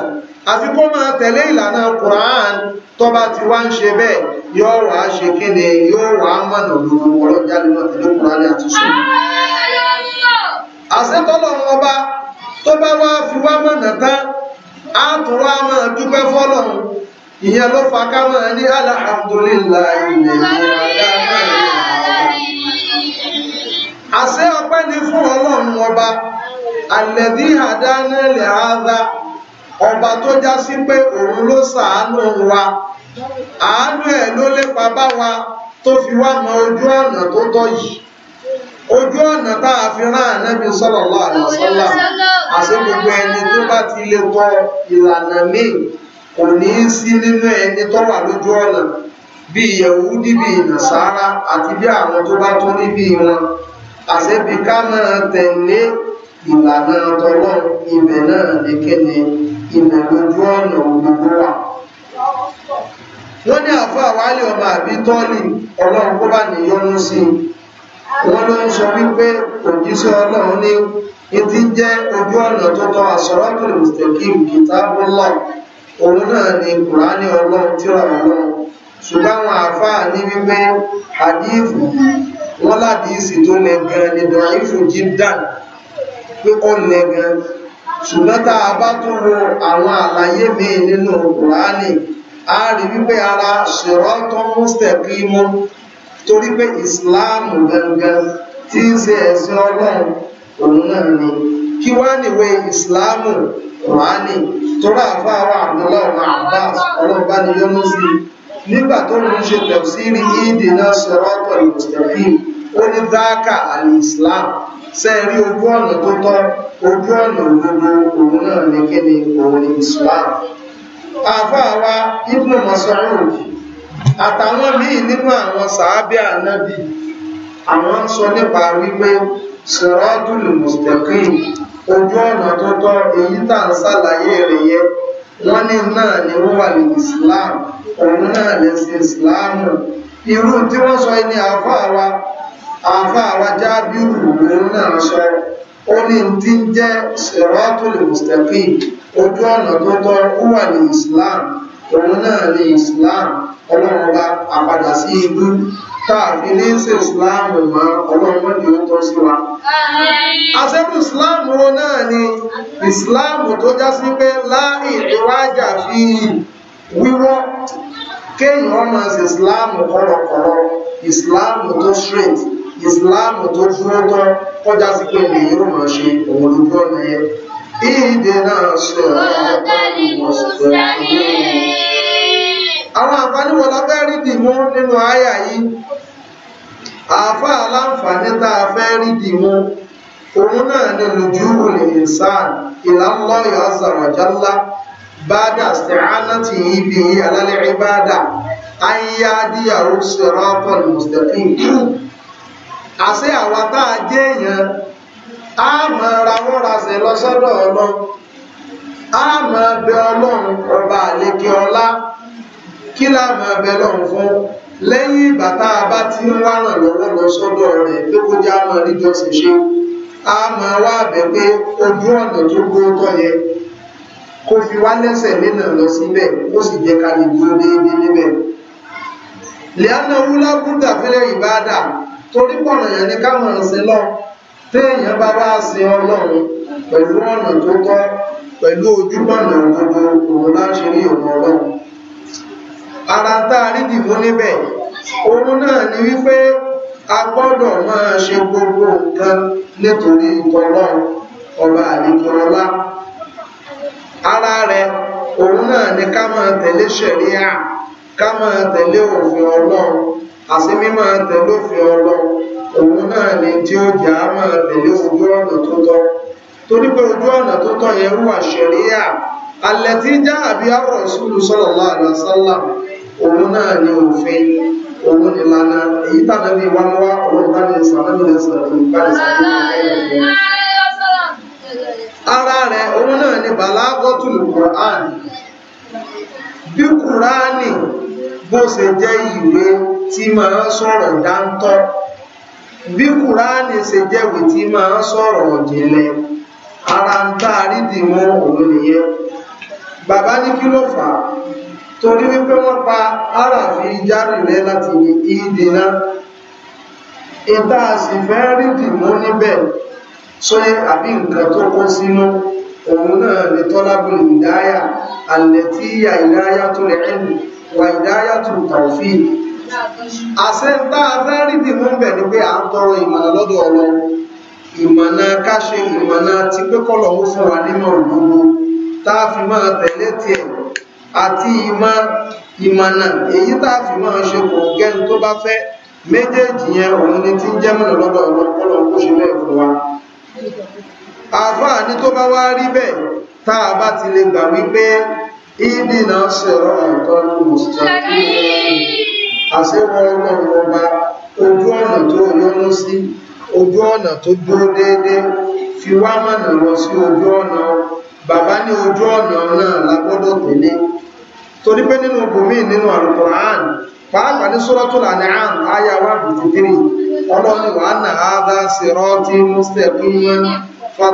àfi kó máa tẹ̀lé ìlànà Qur'an tó bá ti wá ń ṣe bẹ́ẹ̀ yóò wá ṣe kí ni yóò wá mọ̀nà lóru ọlọ́jà lọ́nà tẹ̀lé Qur'an àti súnà àṣetọ́lọ̀ wọn bá tó bá wá fi wá mọ̀nà tán á tún wá máa dúpẹ́ fọ́lọ́run Ihe ló fa ká máa ní alhamdulillahi àṣẹ ọpẹ́ ni fún ọlọ́run ọba ọba tó já pé òun ló ṣàánú wa àánú ẹ̀ ló lépa bá wa tó fi wá mọ ojú ọ̀nà tó fi rán ànábì sallallahu alaihi gbogbo ẹni tó bá kò ní í sí nínú ẹni tó wà lójú ọ̀nà bí Yẹhudi bí Nàsárà àti bí àwọn tó bá tún níbí wọn àṣẹbí ká máa tẹ̀lé ìlànà tọlọ́run ibẹ̀ náà nìkẹ́ni ìmọ̀ lójú ọ̀nà òdodo wà wọ́n ní àfọ́ àwálẹ̀ ọmọ àbí tọ́lì ọlọ́run kó bá nìyọnú sí wọ́n ló ń sọ wípé òjíṣẹ́ ọlọ́run ní etí jẹ́ ojú ọ̀nà tó tọ́ àsọ̀rọ̀tò mustaqim kitabullah òun náà ni kùránì ọlọ́run tíra ọlọ́run ṣùgbọ́n àwọn àfáà ní wípé àdíìfù wọ́n ládìísì tó lẹ gan ni dọ̀ífù jíndàn pé ó lẹ gan ṣùgbọ́n tá a bá tó wo àwọn àlàyé míì nínú kùránì a rí wípé ara ṣèrọ́tọ́ mustaqim torí pé ìsìláàmù gangan tí ń ṣe ẹ̀sìn ọlọ́run òun náà ni kí wá níwé ìsìláàmù ránì torí àfáàwà àdúláwà Abbas ọlọ́ọ̀bá ni yọ́nú sí nígbà tó ń ṣe tẹ̀sírí ìdè náà sọ̀rọ̀tọ̀ ìmùsùlùmí ó ní dáàkà àlè ìsìláàmù sẹ́ẹ̀rí ojú ọ̀nà tó tọ́ ojú ọ̀nà gbogbo òun náà ni kí ni òun ni ìsìláàmù àfáàwà Ibn Mas'ud àtàwọn míì nínú àwọn sàábẹ́ ànábì àwọn ń sọ nípa wípé sọ̀rọ̀dùlù mustaqim ojú ọ̀nà tó tọ́ èyí tà ń sàlàyé rẹ̀ yẹ wọ́n ní náà ni islam òun náà lẹ́sìn islam irú tí wọ́n sọ ní àfáà wa jábírù òun náà sọ ó ní tí ń jẹ́ sọ̀rọ̀dùlù mustaqim ojú ọ̀nà tó tọ́ wà islam òun náà ni Islam ọlọ́run ọba àpadà sí ibú káàfin ní sí Islam mọ́ ọlọ́run mọ́ ni ó tọ́ sí wa. asẹ́kù Islam ro náà ni Islam tó já sí pé láì ìwájà fi wíwọ́ kéèyàn ọmọ sí Islam kọ̀rọ̀kọ̀rọ̀ Islam tó straight Islam tó dúró tán kọjá sí pé èyí yóò máa ṣe òun lójú ọ̀nà yẹn ìdènà sọ̀rọ̀ àwọn àǹfààní wọn la fẹ́ rí dìmú nínú àyà yìí àáfà aláǹfààní tá a fẹ́ rí dìmú òun náà ni lójú olè ìsàn ìlànà ìhàzàwàjálá bada sti'anati ibi alal ibada an yadiyahu siratan mustaqim àṣẹ àwa tá a jẹ́ èèyàn a máa ra wọ́n rasẹ̀ lọ sọ́dọ̀ ọlọ́run a máa bẹ ọlọ́run ọba àlékè ọlá kí la máa bẹ lọ́run fún lẹ́yìn ìgbà tá a bá ti ń wá ràn lọ́wọ́ lọ sọ́dọ̀ rẹ̀ pé kó jẹ́ a máa níjọsìn ṣe a máa wá bẹ̀ pé ojú ọ̀nà tó gbóòtọ́ yẹ kó fi wá lẹ́sẹ̀ nínà lọ síbẹ̀ ó sì jẹ́ ká lè dúró déédéé níbẹ̀ lẹ́yìn náà wúlá búdà fẹ́lẹ́ torí pọ̀nà yẹn ni ká máa ń sin lọ́wọ́ téèyàn bá wá sin ọlọ́run pẹ̀lú ọ̀nà tó tọ́ pẹ̀lú ojúbọ̀nà òdodo òun láṣẹ rí òun ọlọ́run ara tá a rí dìbò níbẹ̀ òun náà ni wípé a gbọ́dọ̀ máa ṣe gbogbo nǹkan nítorí tọlọ́run ọba àdìkọlọ́lá ara rẹ̀ òun náà ni ká máa tẹ̀lé ṣẹ̀ríà ká máa tẹ̀lé òfin ọlọ́run àti mímọ́ tẹ̀lé òfin ọlọ́run òun náà ni tí ó jẹ́ á máa tẹ̀lé ojú ọ̀nà tó tọ́ torí pé ojú ọ̀nà tó tọ́ yẹn wà à. alẹ́ tí já àbí àrọ̀ ìṣúlù sallallahu alaihi ni bí kùránì bó se jẹ́ ìwé tí ń sọ̀rọ̀ bí kùránì ṣe jẹ́wé tí máa sọ̀rọ̀ jìnlẹ̀ ara ń tá àrídì mú òun nìyẹn bàbá ní kí ló fà á torí wípé wọ́n pa aráàfin járì rẹ láti ní ìdènà ìta sì fẹ́ rídì mú níbẹ̀ sóyẹ àbí nǹkan tó kó sínú òun náà lè tọ́lábùn ìdáyà àlẹ́tíyà ìdáyà tó lẹ́yìn wà ìdáyà tó tàwíì àṣẹ tá a fẹ́ rí bí mú bẹ̀ ni pé à ń tọrọ ìmọ̀nà lọ́dọ̀ ọlọ́run ìmọ̀nà káṣe ìmọ̀nà ti pé kọ́lọ̀ ó fún wa nínú òdodo tá a fi máa tẹ̀lé tiẹ̀ àti ìmọ̀ ìmọ̀nà èyí tá a fi máa ṣe kò gẹ́ni tó bá fẹ́ méjèèjì yẹn òun ni ti ń jẹ́ mọ̀nà lọ́dọ̀ ọlọ́run kọ́lọ̀ ó ṣe bẹ́ẹ̀ fún wa àfáà ní tó bá wá rí bẹ́ẹ̀ tá a bá ti lè gbà wípé ìdínà ṣẹ̀rọ̀ ọ̀tọ́ ló mọ̀ sí àṣẹwọ ọlọ́run ọba ojú ọ̀nà tó yọ́nú sí ojú ọ̀nà tó dúró déédéé fi wá mọ̀nà lọ sí ojú ọ̀nà bàbá ní ojú ọ̀nà náà lágbọ́dọ̀ tẹ̀lé torí pé nínú bùnmí nínú 153 wà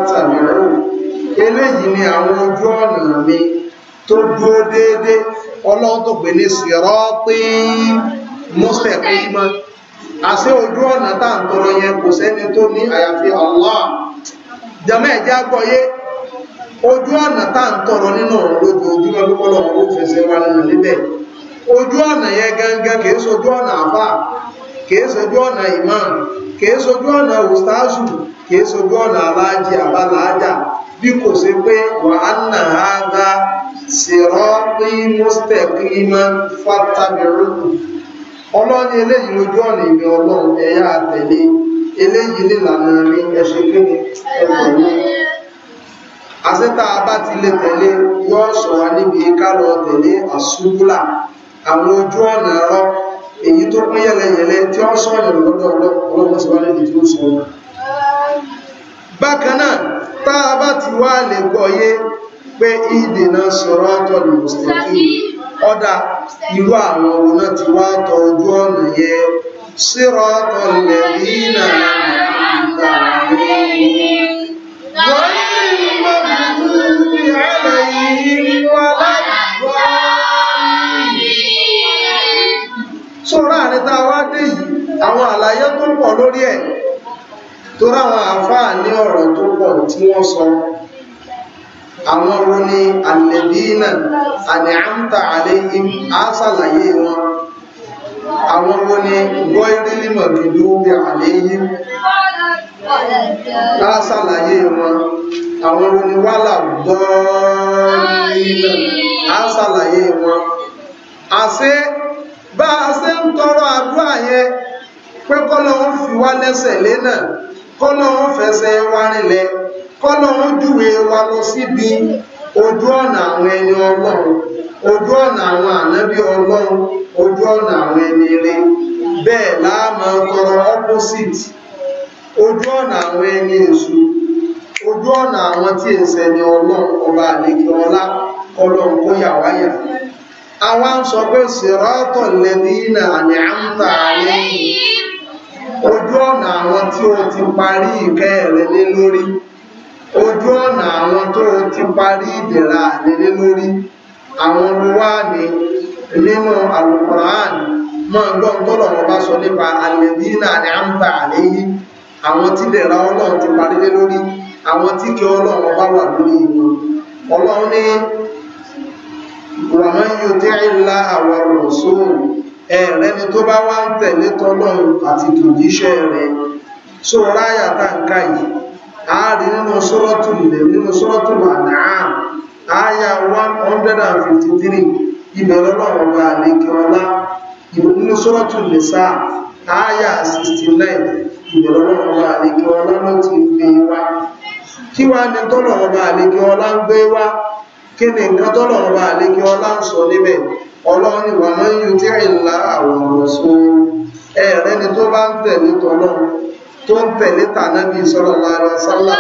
eléyìí ni àwọn ojú tó dúró déédé ọlọ́run tó pè ní sírọ́ọ̀tì mustaqima àṣẹ ojú ọ̀nà tá à ń tọrọ yẹn kò sẹ́ni tó ní àyàfi Allah jàmọ́ ẹ̀jẹ̀ àgbọ̀yé ojú ọ̀nà tá à ń tọrọ nínú ọ̀rọ̀ lójoojúmọ́ bí kọ́lọ̀ ọ̀rọ̀ fẹsẹ̀ wà nínú níbẹ̀ ojú ọ̀nà yẹn gangan kìí sojú ọ̀nà àfà kìí sojú ọ̀nà imam kìí sojú ọ̀nà kìí sojú ọ̀nà aláàjì bí kò sí sirati mustaqiman fattabi'u ọlọ́ni eléyìí lójú ọ̀nà ìmì ọlọ́run ẹ̀yà àtẹ̀lé eléyìí nílànà rí ẹ̀ṣẹ̀ kíni ẹ̀tẹ̀lé àṣẹ́ta bá ti lè tẹ̀lé yóò sọ wá níbi ká lọ tẹ̀lé àṣúgbùlà àwọn ojú ọ̀nà ẹ̀rọ èyí tó pín yẹlẹyẹlẹ tí ó sọ ọ̀nà lọ́dọ̀ ọlọ́pọ̀lọpọ̀ tí ó sọ bákan náà tá a bá ti wá lè gbọ́ yé pé ìdènà sọ̀rọ̀ àtọ̀lù mùsùlùmí ọ̀dà irú àwọn ọ̀rọ̀ náà ti wá tọ ojú ọ̀nà yẹ sírọ̀ àtọ̀lẹ̀ nínà sọ́rọ̀ wá dé yìí àwọn àlàyé tó pọ̀ lórí ẹ̀ tó ráwọn àfáà ní ọ̀rọ̀ tó pọ̀ tí wọ́n sọ àwọn wo ni àlẹ́bíínà àníàmta àléhìm á ṣàlàyé wọn àwọn wo ni gọ́ìrìlì mọ̀dúdúbí àléhìm á ṣàlàyé wọn àwọn wo ni wàhálà gọ́ọ̀lìnà á ṣàlàyé wọn àṣẹ bá a ṣe ń tọrọ àdúrà yẹn pé kọ́lọ́ ń fi wá lẹ́sẹ̀ lé náà kọ́lọ́ ń fẹsẹ̀ wá rinlẹ̀ kọ́lọ́run júwe wa lọ síbi ojú ọ̀nà àwọn ẹni ọlọ́run ojú ọ̀nà àwọn ànábí ọlọ́run ojú ọ̀nà àwọn ẹni rẹ bẹ́ẹ̀ láàmà tọrọ ojú ọ̀nà àwọn ẹni èṣù ojú ọ̀nà àwọn ọba ọlá kó yà wáyà àwa ń sọ pé iná ojú ojú ọ̀nà àwọn tó ti parí ìdẹ̀ra àlélé lórí àwọn olúwa ní nínú alukuraan máa gbọ́n tọ́lọ̀ wọn bá sọ nípa alẹ́bínà ní àǹtà àléyí àwọn tí dẹ̀ra ọlọ́run ti parí lé lórí àwọn tí kí ọlọ́run bá wà lórí wọn ọlọ́run ní wàmọ́ yóò tẹ́ ìlà àwọn rọ̀sùn ẹ̀rẹ́ ni tó bá wá ń tẹ̀lé tọ́lọ́run àti tòjíṣẹ́ rẹ̀ sóòrá àyàtà ń ká yìí ààrí nínú sọ́rọ̀tù ilẹ̀ nínú sọ́rọ̀tù ahụ àyà 153 ìbẹ̀rẹ̀ ọ̀rọ̀ àlékẹ́ ọlá nínú sọ́rọ̀tù saa àyà 69 ìbẹ̀rẹ̀ ọ̀rọ̀ àlékẹ́ ọlá ló ti gbé kí ndị ní ọba àlékẹ́ ọla ń gbé kene kí ni ọba àlékẹ́ ń sọ níbẹ̀ ọlọ́run tó bá ń tó ń tẹ̀lé tànábì sallallahu alaihi wasallam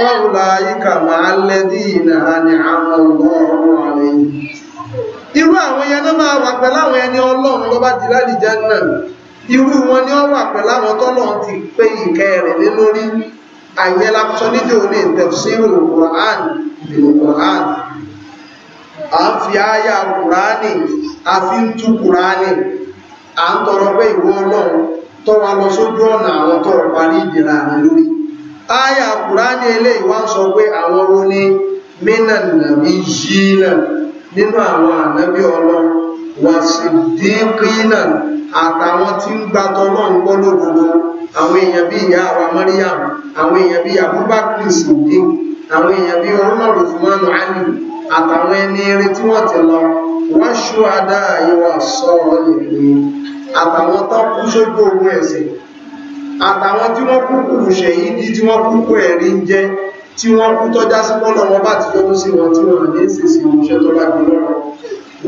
faulaika ma'al ladina an'ama Allahu alaihim irú àwọn yẹn náà máa wà pẹ̀lú àwọn ẹni ọlọ́run ló bá di lálìjẹ́ náà irú wọn ni ó wà pẹ̀lú àwọn tọ́lọ́run ti pé ìkẹ́ lé lórí àyẹ́ lápútọ́ nídé orí tafsiru Qur'an bìlù Qur'an a ń fi áyà Qur'ani a ń tú Qur'ani a ń tọrọ pé ìwọ ọlọ́run tọ́ra lọ sójú ọ̀nà àwọn tọ́rọ parí ìdìra àwọn lórí ayà kùránì ilé ìwá sọ pé àwọn wo ni mínànàbí yína nínú àwọn ànábí ọlọ wàsídíkínà àtàwọn tí ń gba tọ́lọ́ ń gbọ́ lódodo àwọn èèyàn bí ìyá àwa Maryam àwọn èèyàn bí Abubakar sùdí àwọn èèyàn bí Umar Uthman Ali àtàwọn ẹni eré tí wọ́n ti lọ wọ́n ṣú adá àyíwá sọ́ọ̀rọ̀ ìrìn àtàwọn tán kú sójú ogun ẹ̀sìn àtàwọn tí wọ́n kú kùrù ṣẹ̀yí dí tí wọ́n kú kú ẹ̀rí ń jẹ́ tí wọ́n kú tọ́já sí pọ́lọ̀ wọn bá ti yọ́nú sí wọn tí wọ́n ní ìsìsì ìmúṣẹ́ tó bá gbé lọ́rọ̀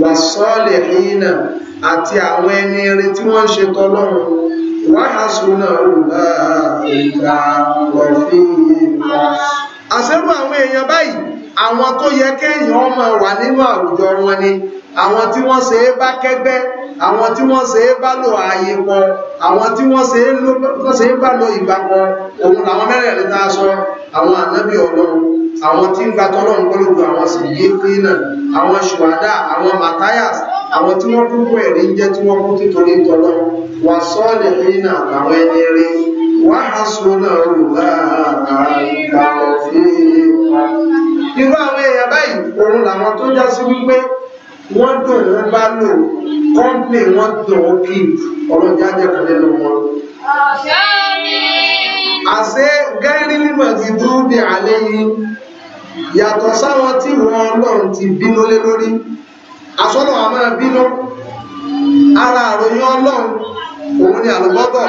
wà sọ́ọ̀lẹ̀ hìínà àti àwọn ẹni eré tí wọ́n ń ṣe tọ́lọ́run wáhásù náà rò láàrínlá ọ̀fíì àṣẹ́rù àwọn èèyàn báyìí àwọn tó yẹ kéèyàn ọmọ wà nínú àwùjọ wọn ni àwọn tí wọ́n ṣe é bá kẹ́gbẹ́ àwọn tí wọ́n se é bá lò ààyè kọ àwọn tí wọ́n ṣe é bá lò ìgbà kọ òun làwọn mẹ́rẹ̀ẹ̀rin tá a sọ àwọn ànábì ọlọ́run àwọn tí ń gba tọ́lọ́run gbọ́lógbò àwọn sì yé kínà àwọn ṣùwádà àwọn matthias àwọn tí wọ́n kú pẹ̀ rí jẹ́ tí wọ́n kú títorí tọ́lọ́run wà sọ́ọ̀lẹ̀ kínà àwọn ẹni rí wà á sọ náà rò láàrín àwọn èèyàn báyìí òun làwọn tó já sí wípé wọ́n dùn wọ́n bá lò kọ́ńpì wọ́n dùn ó kì ọlọ́jà jẹ́ kan nínú wọn. àṣé gẹ́rí mímọ̀ ti dúró bí alẹ́ yìí yàtọ̀ sáwọn tí wọ́n ọlọ́run ti bínú lé lórí asọ́nà wa máa bínú ara àròyìn ọlọ́run òun ni àlùbọ́dọ̀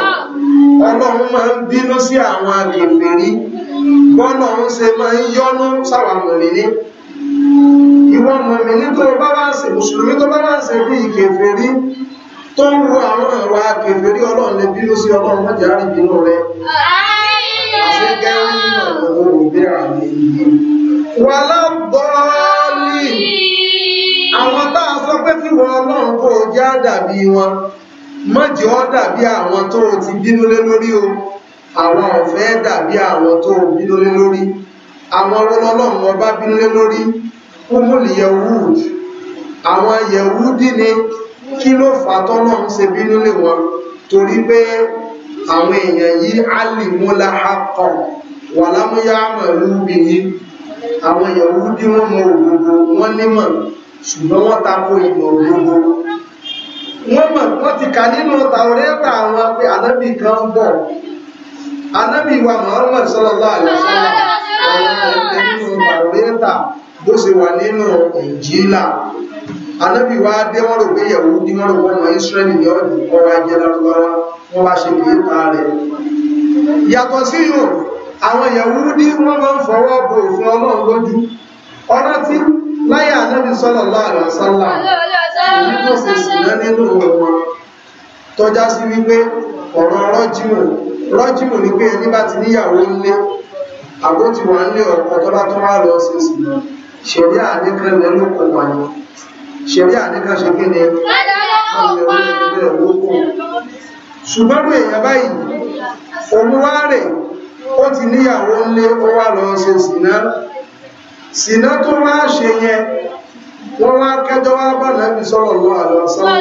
ọlọ́run máa ń bínú sí àwọn agbègbè rí bọ́lọ́run ṣe máa ń yọ́nú sáwọn mọ̀mí ìwọ mọ̀mìnì tó bá wá tó bá wá ń ṣe tó ń wo àwọn ìwà kèfèrí ọlọ́run lè bínú sí ọlọ́run mọ́jà rí bínú rẹ dàbí àwọn tó ti bínú lé lórí o àwọn ọ̀fẹ́ dàbí àwọn tó bínú lé lórí àwọn ọlọ́lọ́run ọba bínlé lórí kúmùlì yehud àwọn yehudi ni kí ló fà tọ́nà ń ṣe bínú lè wọn torí pé àwọn èèyàn yìí alìmúlá akọ wà lámúyá àmàlú bìyí àwọn yehudi wọn mọ òdodo wọn nímọ̀ ṣùgbọ́n wọ́n tako ìmọ̀ òdodo wọ́n mọ̀ wọ́n ti kà nínú tàwọ́rẹ́ta àwọn pé anábì kan bọ̀ anábì wa Muhammad sallallahu alaihi wasallam ọ̀rọ̀ nínú bàrẹ́ta bó ṣe wà nínú ìjìlá anábì wá dé wọ́n rò pé yẹ̀wò dí wọ́n rò pé ọmọ Ísírẹ́lì ní ọdún ọwọ́ ajé lárúbáwá wọ́n wá ṣe kìí ta rẹ̀ yàtọ̀ sí yóò àwọn yẹ̀wò dí wọ́n máa ń fọwọ́ bò fún ọlọ́run lójú ọ̀nà tí láyé anábì sọ́lọ̀ láàrín sálà nígbò kò sì ná nínú wọn tọ́já sí wípé ọ̀rọ̀ rọ́jìmù rọ́jìmù ni pé ẹni bá ti níyàwó ńlé àbó ti wà nílé ọkọ tó bá tó wá lọ sí ìsìn lọ ṣẹ̀rí àníkan lẹ́nu kò wà ní ṣẹ̀rí àníkan ṣe kí ni ṣùgbọ́n ní èèyàn báyìí òun wá rẹ̀ ó ti níyàwó ńlé ó wá lọ ṣe sìná sìná tó wá ṣe yẹn wọ́n wá kẹjọ wá bá nàbì sọ̀rọ̀ lọ àlọ́ sọ́wọ́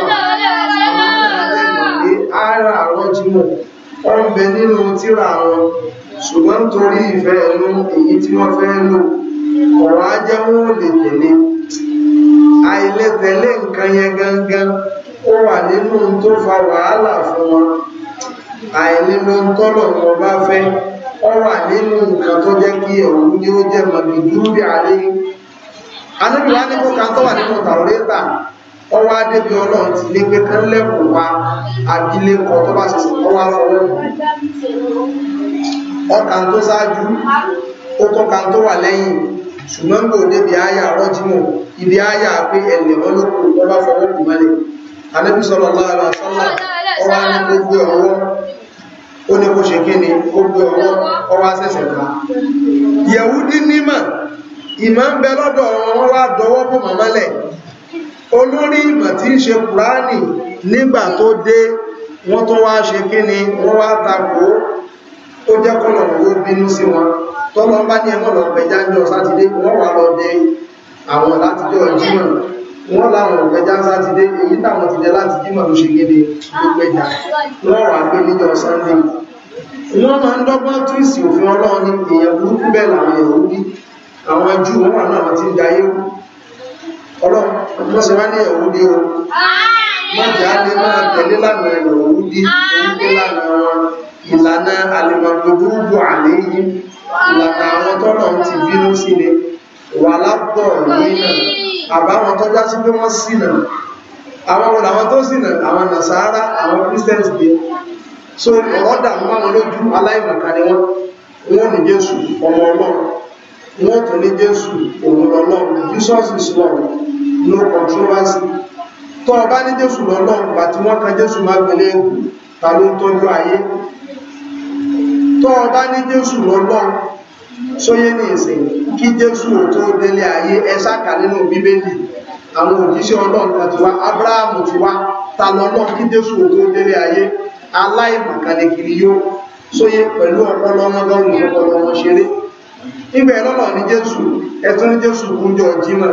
ara àwọn jímọ̀ ọ̀bẹ nínú tíra àwọn ṣùgbọ́n torí ìfẹ́ ẹnu èyí tí wọ́n fẹ́ lò ọ̀rọ̀ ajá wọn ò lè tẹ̀lé àìlẹ́tẹ̀lé nǹkan yẹn gangan ó wà nínú tó fa wàhálà fún wọn àìlẹ́nu tọ́lọ̀ ni wọ́n bá fẹ́ ó wà nínú nǹkan tó jẹ́ kí ẹ̀rù ní ó jẹ́ màgìdú bí alẹ́ anábì wá ní kó kan tó wà nínú tàwọ́rẹ́tà ọwọ́ adébí ọlọ́run ti lé pé kán lẹ́kùn wa àbílẹ̀kọ̀ tó bá ṣẹ̀ṣẹ̀ kọ́ wá lọ́wọ́ ọkàn tó ṣáájú ó tọ́ka tó wà lẹ́yìn ṣùgbọ́n kò débi àyà rọ́jímọ̀ ibi àyà pé ẹ̀lẹ̀ wọn ló kù lọ́bá fọwọ́ kù mọ́lẹ̀ alẹ́bí sọ́lọ̀ lára sọ́lá ọwá ní gbogbo ọwọ́ ó ní kó ṣe kí ni gbogbo ọwọ́ ọwá sẹ̀sẹ̀ ká yẹ̀wúdí nímọ̀ ìmọ̀ ń bẹ lọ́dọ̀ wọn wá dọwọ́ bò mọ́ mọ́lẹ̀ olórí wọ́n tó wá ṣe kí ni wọ́n wá takò tó jẹ́ kọ́nà owó bínú sí wọn tọ́lọ́ bá ní ẹmọ́ lọ pẹja jọ sátidé wọ́n wà lọ dé àwọn látijọ́ jímọ̀ wọ́n láwọn pẹja sátidé èyí táwọn ti jẹ láti jímọ̀ ló ṣe gẹ́gẹ́ ló pẹja wọ́n wà gbé níjọ́ sunday wọ́n máa ń dọ́gbọ́n túìsì òfin ọlọ́run ní èèyàn burúkú bẹ́ẹ̀ làwọn èèyàn rí àwọn jù wọ́n wà náà ti ń jayé ọlọ́run wọ́n sì wá ní ẹ̀wú dé o má jẹ́ á lè máa tẹ̀lé lánàá ẹ̀wú dé orí pé lánàá wọn ìlànà alìmọ̀lógúrúgbò àléyìn ìlànà àwọn tọ́nà ti bínú sí ni wà látọ̀ nínà àbáwọn tó já sí pé wọ́n ṣìnà àwọn wọn àwọn tó ṣìnà àwọn nàṣàárá àwọn christians dé so ọ̀rọ̀ dàmú àwọn lójú aláìmọ̀ká ni wọ́n wọ́n ní jésù ọmọ ọlọ́run wọ́n tó ní jésù òun lọ́lọ́run jesus is lord no controversy tó ọba ní jésù lọ́lọ́run bàtí wọ́n kan jésù má gbẹ̀lẹ́ ta ló ń tọ́jú ayé tó ọba ní jésù lọ́lọ́run sóyé ní ìsìn kí jésù tó délé ayé ẹsà kà nínú bíbélì àwọn òjíṣẹ́ ọlọ́run kan ti wá abrahamu ti wá ta lọ́lọ́run kí jésù tó délé ayé aláìmọ̀kànlẹ̀kiri yóò sóyé pẹ̀lú ọpọlọ ọmọdọ́rùn ọpọlọ wọn ṣeré nígbẹ̀ lọ́nà ní jésù ẹ̀tún ní jésù gúnjọ jímọ̀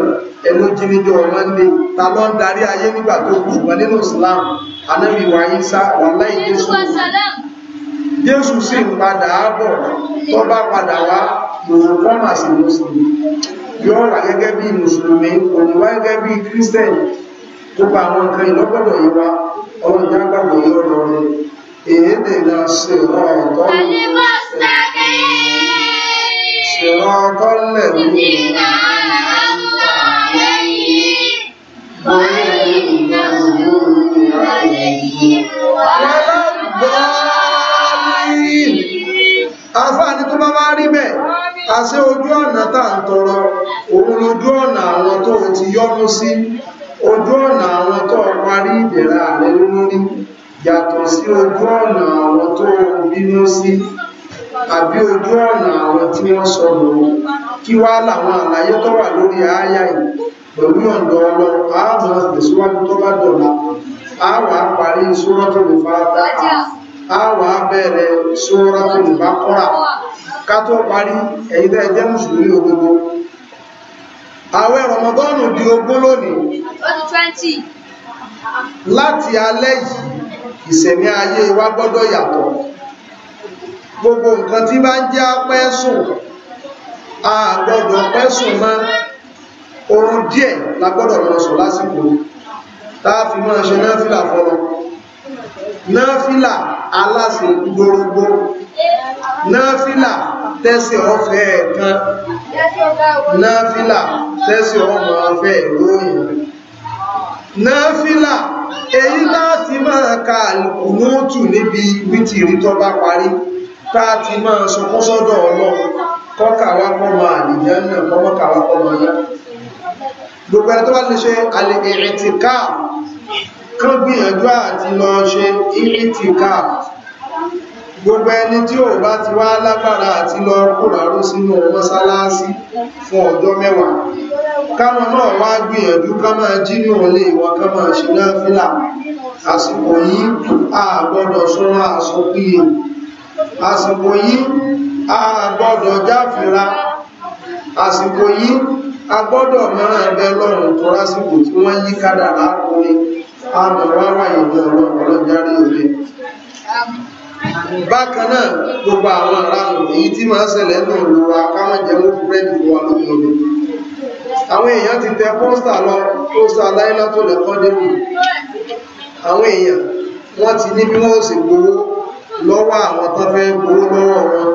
ẹ̀lú jíníjọ mọ́ndé ta ló ń darí ayé nígbà tó kù ṣùgbọ́n nínú islam anábìwá yín sá wàláì jésù Jésù sì ń padà bọ̀ tó bá padà wá mùsùlùmí sí mùsùlùmí yóò wà gẹ́gẹ́ bí mùsùlùmí kò wá gẹ́gẹ́ bí kírísítẹ̀nì gbogbo àwọn nǹkan ìlọ́gbọ̀dọ̀ yìí wá ọmọ ìyá gbàgbọ́ yóò lọ rí èyí lè lọ sí ọ̀tọ̀ ṣèrọ̀ ọ̀tọ̀ lẹ̀ mí àṣé ojú ọ̀nà tá à ń tọrọ òun lójú ọ̀nà àwọn tó ti yọ́nú sí ojú ọ̀nà àwọn tó parí ìdẹ̀ra rẹ̀ lórí yàtọ̀ sí ojú ọ̀nà àwọn tó bínú sí àbí ojú ọ̀nà àwọn tí wọ́n sọ̀rọ̀ kí wá làwọn àlàyé tó wà lórí àáyá yìí pẹ̀lú ọ̀dọ̀ ọlọ ààbò ìsíwájú tó bá dọ̀la àwà parí Suratul Fatiha àwà bẹ̀rẹ̀ ká tó parí ẹ̀yin tẹ́ jẹ́ mùsùlùmí òdodo àwẹ̀ rọmọdọ́nù di ogún lónìí láti alẹ́ yìí ìṣẹ̀mí ayé wa gbọ́dọ̀ yàtọ̀ gbogbo nǹkan tí bá ń jẹ́ apẹ́ sùn a gbọ́dọ̀ pẹ́ sùn mọ́ oorun díẹ̀ la gbọ́dọ̀ lọ sùn lásìkò tá a fi máa ṣe náà fìlà fọlọ́ náfílà aláṣẹ gbogbo náfílà tẹ́sí ọ̀fẹ́ ẹ̀kan náfílà tẹ́sí ọmọ ọ̀fẹ́ ìròyìn náfílà èyí láti máa ka àlùkùnútù níbi wítìrí tó bá parí táàtì máa sọkún sọ́dọ̀ ọlọ́run kọ́kàwá kọmọ àlìjẹ́ náà kọ́mọ́kàwá kọmọ náà gbogbo ẹ̀ tó wá lè ṣe àlè kán gbìyànjú àti lọ ṣe itikaf gbogbo ẹni tí ò bá ti wá lágbára àti lọ kúràrú sínú mọ́sálásí fún ọjọ́ mẹ́wàá káwọn náà wá gbìyànjú ká máa jí ní òun lè ká máa ṣe náfílà àsìkò yìí a gbọ́dọ̀ sọ́rọ̀ àsọpíye àsìkò yìí a gbọ́dọ̀ jáfìra àsìkò yìí a gbọ́dọ̀ mọ́ràn ẹgbẹ́ lọ́rùn tó lásìkò tí wọ́n yí kádàrá kúrin àmọ̀ rárá ìwé ọlọ́run ọlọ́járí òde bákan náà gbogbo àwọn aráàlú èyí tí máa ṣẹlẹ̀ náà ló wa kámọ̀jẹ́ mú búrẹ́dì fún wa lómi omi àwọn èèyàn ti tẹ pósítà lọ pósítà láìlá tó lẹ́kọ́ débù àwọn èèyàn wọ́n ti ní bí wọ́n sì gbowó lọ́wọ́ àwọn tó fẹ́ gbowó lọ́wọ́ wọn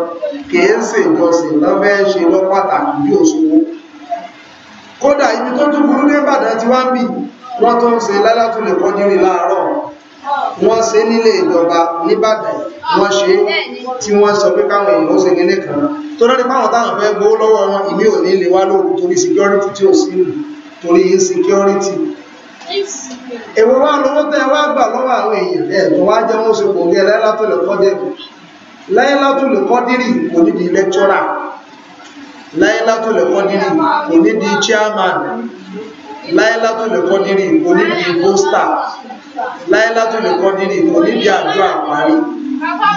kìí sì ìjọsìn tó fẹ́ ṣe lọ pàtàkì bí òṣòwò kódà ibi tó tún burú dé Ìbàdàn ti wá ń bì wọ́n tó ń ṣe lálátùlẹ̀ kọ́dírì láàárọ̀ wọ́n ṣe nílé ìjọba nìbàdàn wọ́n ṣe tí wọ́n sọ pé káwọn èèyàn ó ṣe nílé kan tó rẹ́rí páwọn táwọn fẹ́ gbówó lọ́wọ́ wọn ìmí ò ní lè wá lóòrùn torí security tí ò sí nù torí insecurity èwo wá lówó tẹ́ wá gbà lọ́wọ́ àwọn èèyàn ẹ̀ tó wá jẹ́ wọ́n ṣe kò gẹ́ láìlátùlẹ̀ kọ́dírì láìlátùlẹ̀ kọ́dírì kò ní di lecturer láìlátùlẹ̀ kọ́dírì kò ní di chairman láílátò lè kọ́ dírí kò ní bí póstà láílátò lè kọ́ dírí kò ní bí àdúrà parí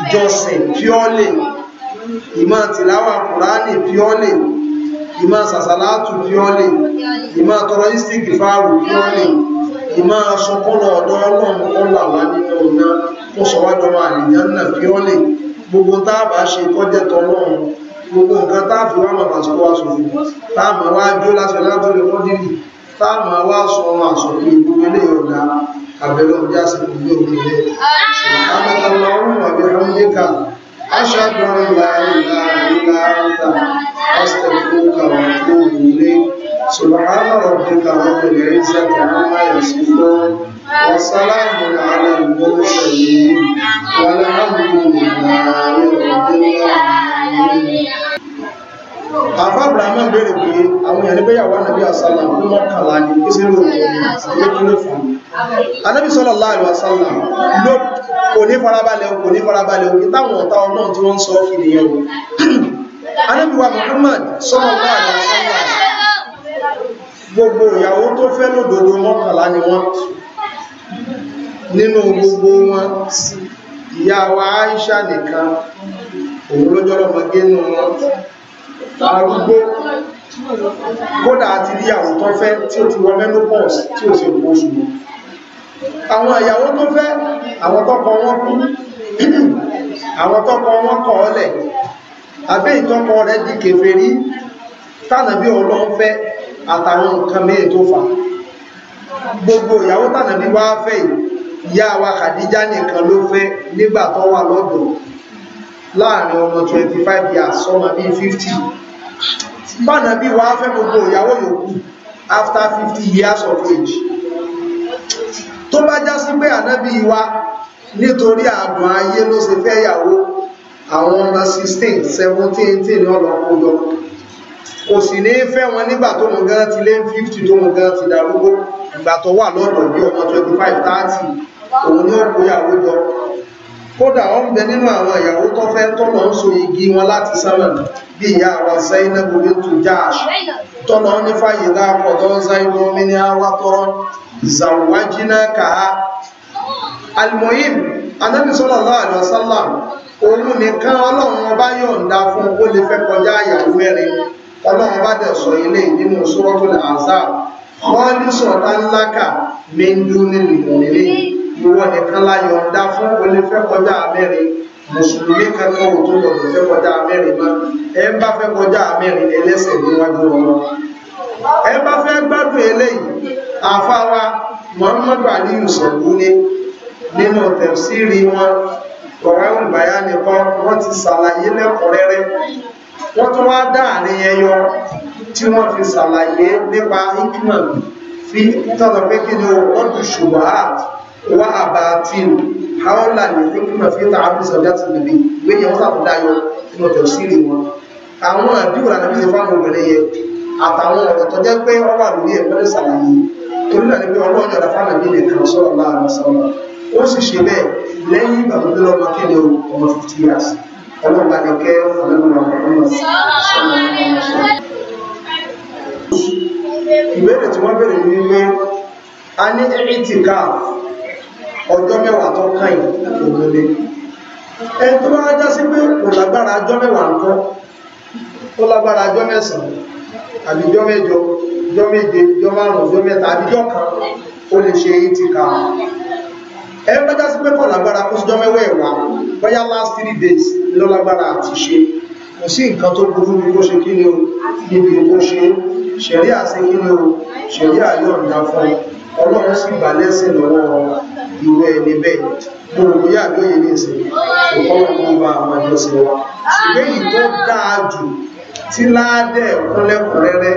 ìjọsìn píọ́lẹ̀ ìmọ̀ tìláwà kùránì píọ́lẹ̀ ìmọ̀ sàsàlátù píọ́lẹ̀ ìmọ̀ tọrọ istik fáàrù píọ́lẹ̀ ìmọ̀ sọkọ́lọ̀ ọ̀dọ́ ọlọ́run kọ́lá wà nínú ọ̀nà kó sọ́wọ́dọ̀ wà nìyàn náà píọ́lẹ̀ gbogbo táàbà ṣe kọ́jẹ́ tọlọ́run gbogbo nǹkan táàfì wà màmá sọ́wọ́ sọ́fún táàmà wá jó láti ọlá tó lè kọ́ dìrì táàmà wá sọ ọmọ àsọ̀kí ìgbogbo ilé ọ̀dá àbẹ̀lọ́ ọjá sí gbogbo òkèlè àbẹ̀lọ́ ọrùn àbẹ̀lọ́ ọmọdéka aṣáájúwọ́n láàrínlá àríláàríta pásítẹ̀kùnkà òkú ilé sọ̀rọ̀hánà ọ̀dẹ́ka ọ̀dẹ́lẹ̀ ìsẹ́kà ọmọ ìyàsíkọ́ wàsálàmù àrẹ̀ ìgbọ́nsẹ̀ yìí àfá abraham béèrè pé àwọn èèyàn nígbéyàwó ànàbí àsálà ní mọ́kànlá ní ìsìnlẹ̀ òkú ní kílé fún anábì sallallahu alaihi wasallam ló kò ní farabalẹ̀ kò ní farabalẹ̀ òkè táwọn ọ̀tá ọlọ́run tí wọ́n ń sọ kì nìyẹn o anábì wa muhammad sallallahu alaihi wasallam gbogbo ìyàwó tó fẹ́ lódodo mọ́kànlá ni wọ́n nínú gbogbo wọn ìyá wa aisha nìkan òun lójọ́lọ́mọgé nínú wọn arúgbó kódà àti ìyàwó tó fẹ́ tí ó ti wọ menopause tí ó sì kó oṣù mọ́ àwọn ìyàwó tó fẹ́ àwọn tọ́kọ wọn kú àwọn tọ́kọ wọn kọ̀ ọ́lẹ̀ àbí ìtọ́kọ rẹ̀ di kèfèrí tánàbí ọlọ́run fẹ́ àtàwọn nǹkan mẹ́rin tó fà gbogbo ìyàwó tánàbí wá fẹ́ ìyá wa Khadija nìkan ló fẹ́ nígbà tó wà lọ́dọ̀ láàrin ọmọ 25 years sọmọ bíi 50 bọ́nà bí wàá fẹ́ gbogbo ìyàwó yòókù after 50 years of age tó bá já sí pé ànábì wa nítorí àdùn ayé ló ṣe fẹ́ yàwó àwọn ọmọ 16 17 18 ọlọ́kùn lọ kò sì ní fẹ́ wọn nígbà tó wọn gan ti lé 50 tó wọn gan ti darúgbó ìgbà tó wà lọ́dọ̀ bí ọmọ 25 30 òun ni ó kó yàwó jọ kódà wọ́n bẹ nínú àwọn ìyàwó tó fẹ́ tọ́nà ń so igi wọn láti sánmà bí ìyá àwọn Zainabu bintu Jahsh tọ́nà ń nífà ìdá àpọ̀dọ́ Zainabu mi ní awátọ́rọ́ zawajina kaha almohim Ànábì sallallahu alaihi wasallam òun nìkan ọlọ́run ọba yọ̀ǹda fún ó lè fẹ́ kọjá ìyàwó mẹ́rin ọlọ́run bá dẹ̀ sọ ilé nínú ìwọ nìkan la yọ̀ǹda fún olè fẹ́ kọjá mẹ́rin mùsùlùmí kankan ò tó lọ́dọ̀ fẹ́ kọjá mẹ́rin mọ́ ẹ bá fẹ́ kọjá mẹ́rin ẹlẹ́sẹ̀ níwájú ọ̀rọ̀ ẹ bá fẹ́ gbádùn eléyìí àfáwa muhammadu aliyu sọ̀gbúnni nínú tẹ̀síìrì wọn ọ̀rọ̀ ìbáyá nìkan wọ́n ti ṣàlàyé lẹ́kọ̀ọ́rẹ́rẹ́ wọ́n tún wá dáàrin ẹyọ tí wọ́n fi ṣàlàyé nípa ikman fi tọ́lọ pé kí ni ó wọ́n ju ṣùgbọ́n wá àbátíìrù haúlà ní ìpínlẹ̀ fi ta àbúrò sọ̀dá ti lè rí gbé yẹn wọ́n sàbúdá yọ nínú ọ̀tọ̀ sírì wọn àwọn àbíwò lànà fi ṣe fáwọn obìnrin yẹn àtàwọn ọ̀rọ̀ tó jẹ́ pé wọ́n wà lórí ẹ̀kọ́ ní sàlàyé torí náà ni pé ọlọ́run yọ̀dá fáwọn ìbílẹ̀ kan sọ̀rọ̀ láàrin sọ̀rọ̀ ó sì ṣe bẹ́ẹ̀ lẹ́yìn ìgbà tó dúró ọmọ kéde ọmọ fifty years ọlọ́run bá ní kẹ́ ọlọ́run ọmọ ọmọ ìbéèrè tí wọ́n béèrè ní wípé a ní ẹ̀ẹ́tì káàfù ọjọ́ mẹ́wàá tó káyìn láti òkèlè ẹni tó bá rájá sí pé kò lágbára ajọ́ mẹ́wàá nǹkan ó lágbára ajọ́ mẹ́sàn-án àbí jọ́ mẹ́jọ jọ́ méje jọ́ márùn-ún jọ́ mẹ́ta àbí jọ́ kan ó lè ṣe èyí ti kà ẹ rájá sí pé kò lágbára kó sí jọ́ mẹ́wàá ẹ̀wà bóyá last three days ló lágbára àti ṣe kò sí nǹkan tó burú ní kó ṣe kí ni o níbi kó ṣe ṣẹ̀rí àṣekí ni o ṣẹ̀rí àyọ̀ǹda fún ọlọ́run sì gbà lẹ́sìn lọ́wọ́ wọn irú ẹni bẹ́ẹ̀ gbogbo yà ló yẹ ní ìsìn ìkọ́wọ́ wọn bá àwọn ìjọsìn wa ṣùgbọ́n èyí tó dáa jù tí láàdẹ̀ kúnlẹ̀kúnrẹ́rẹ́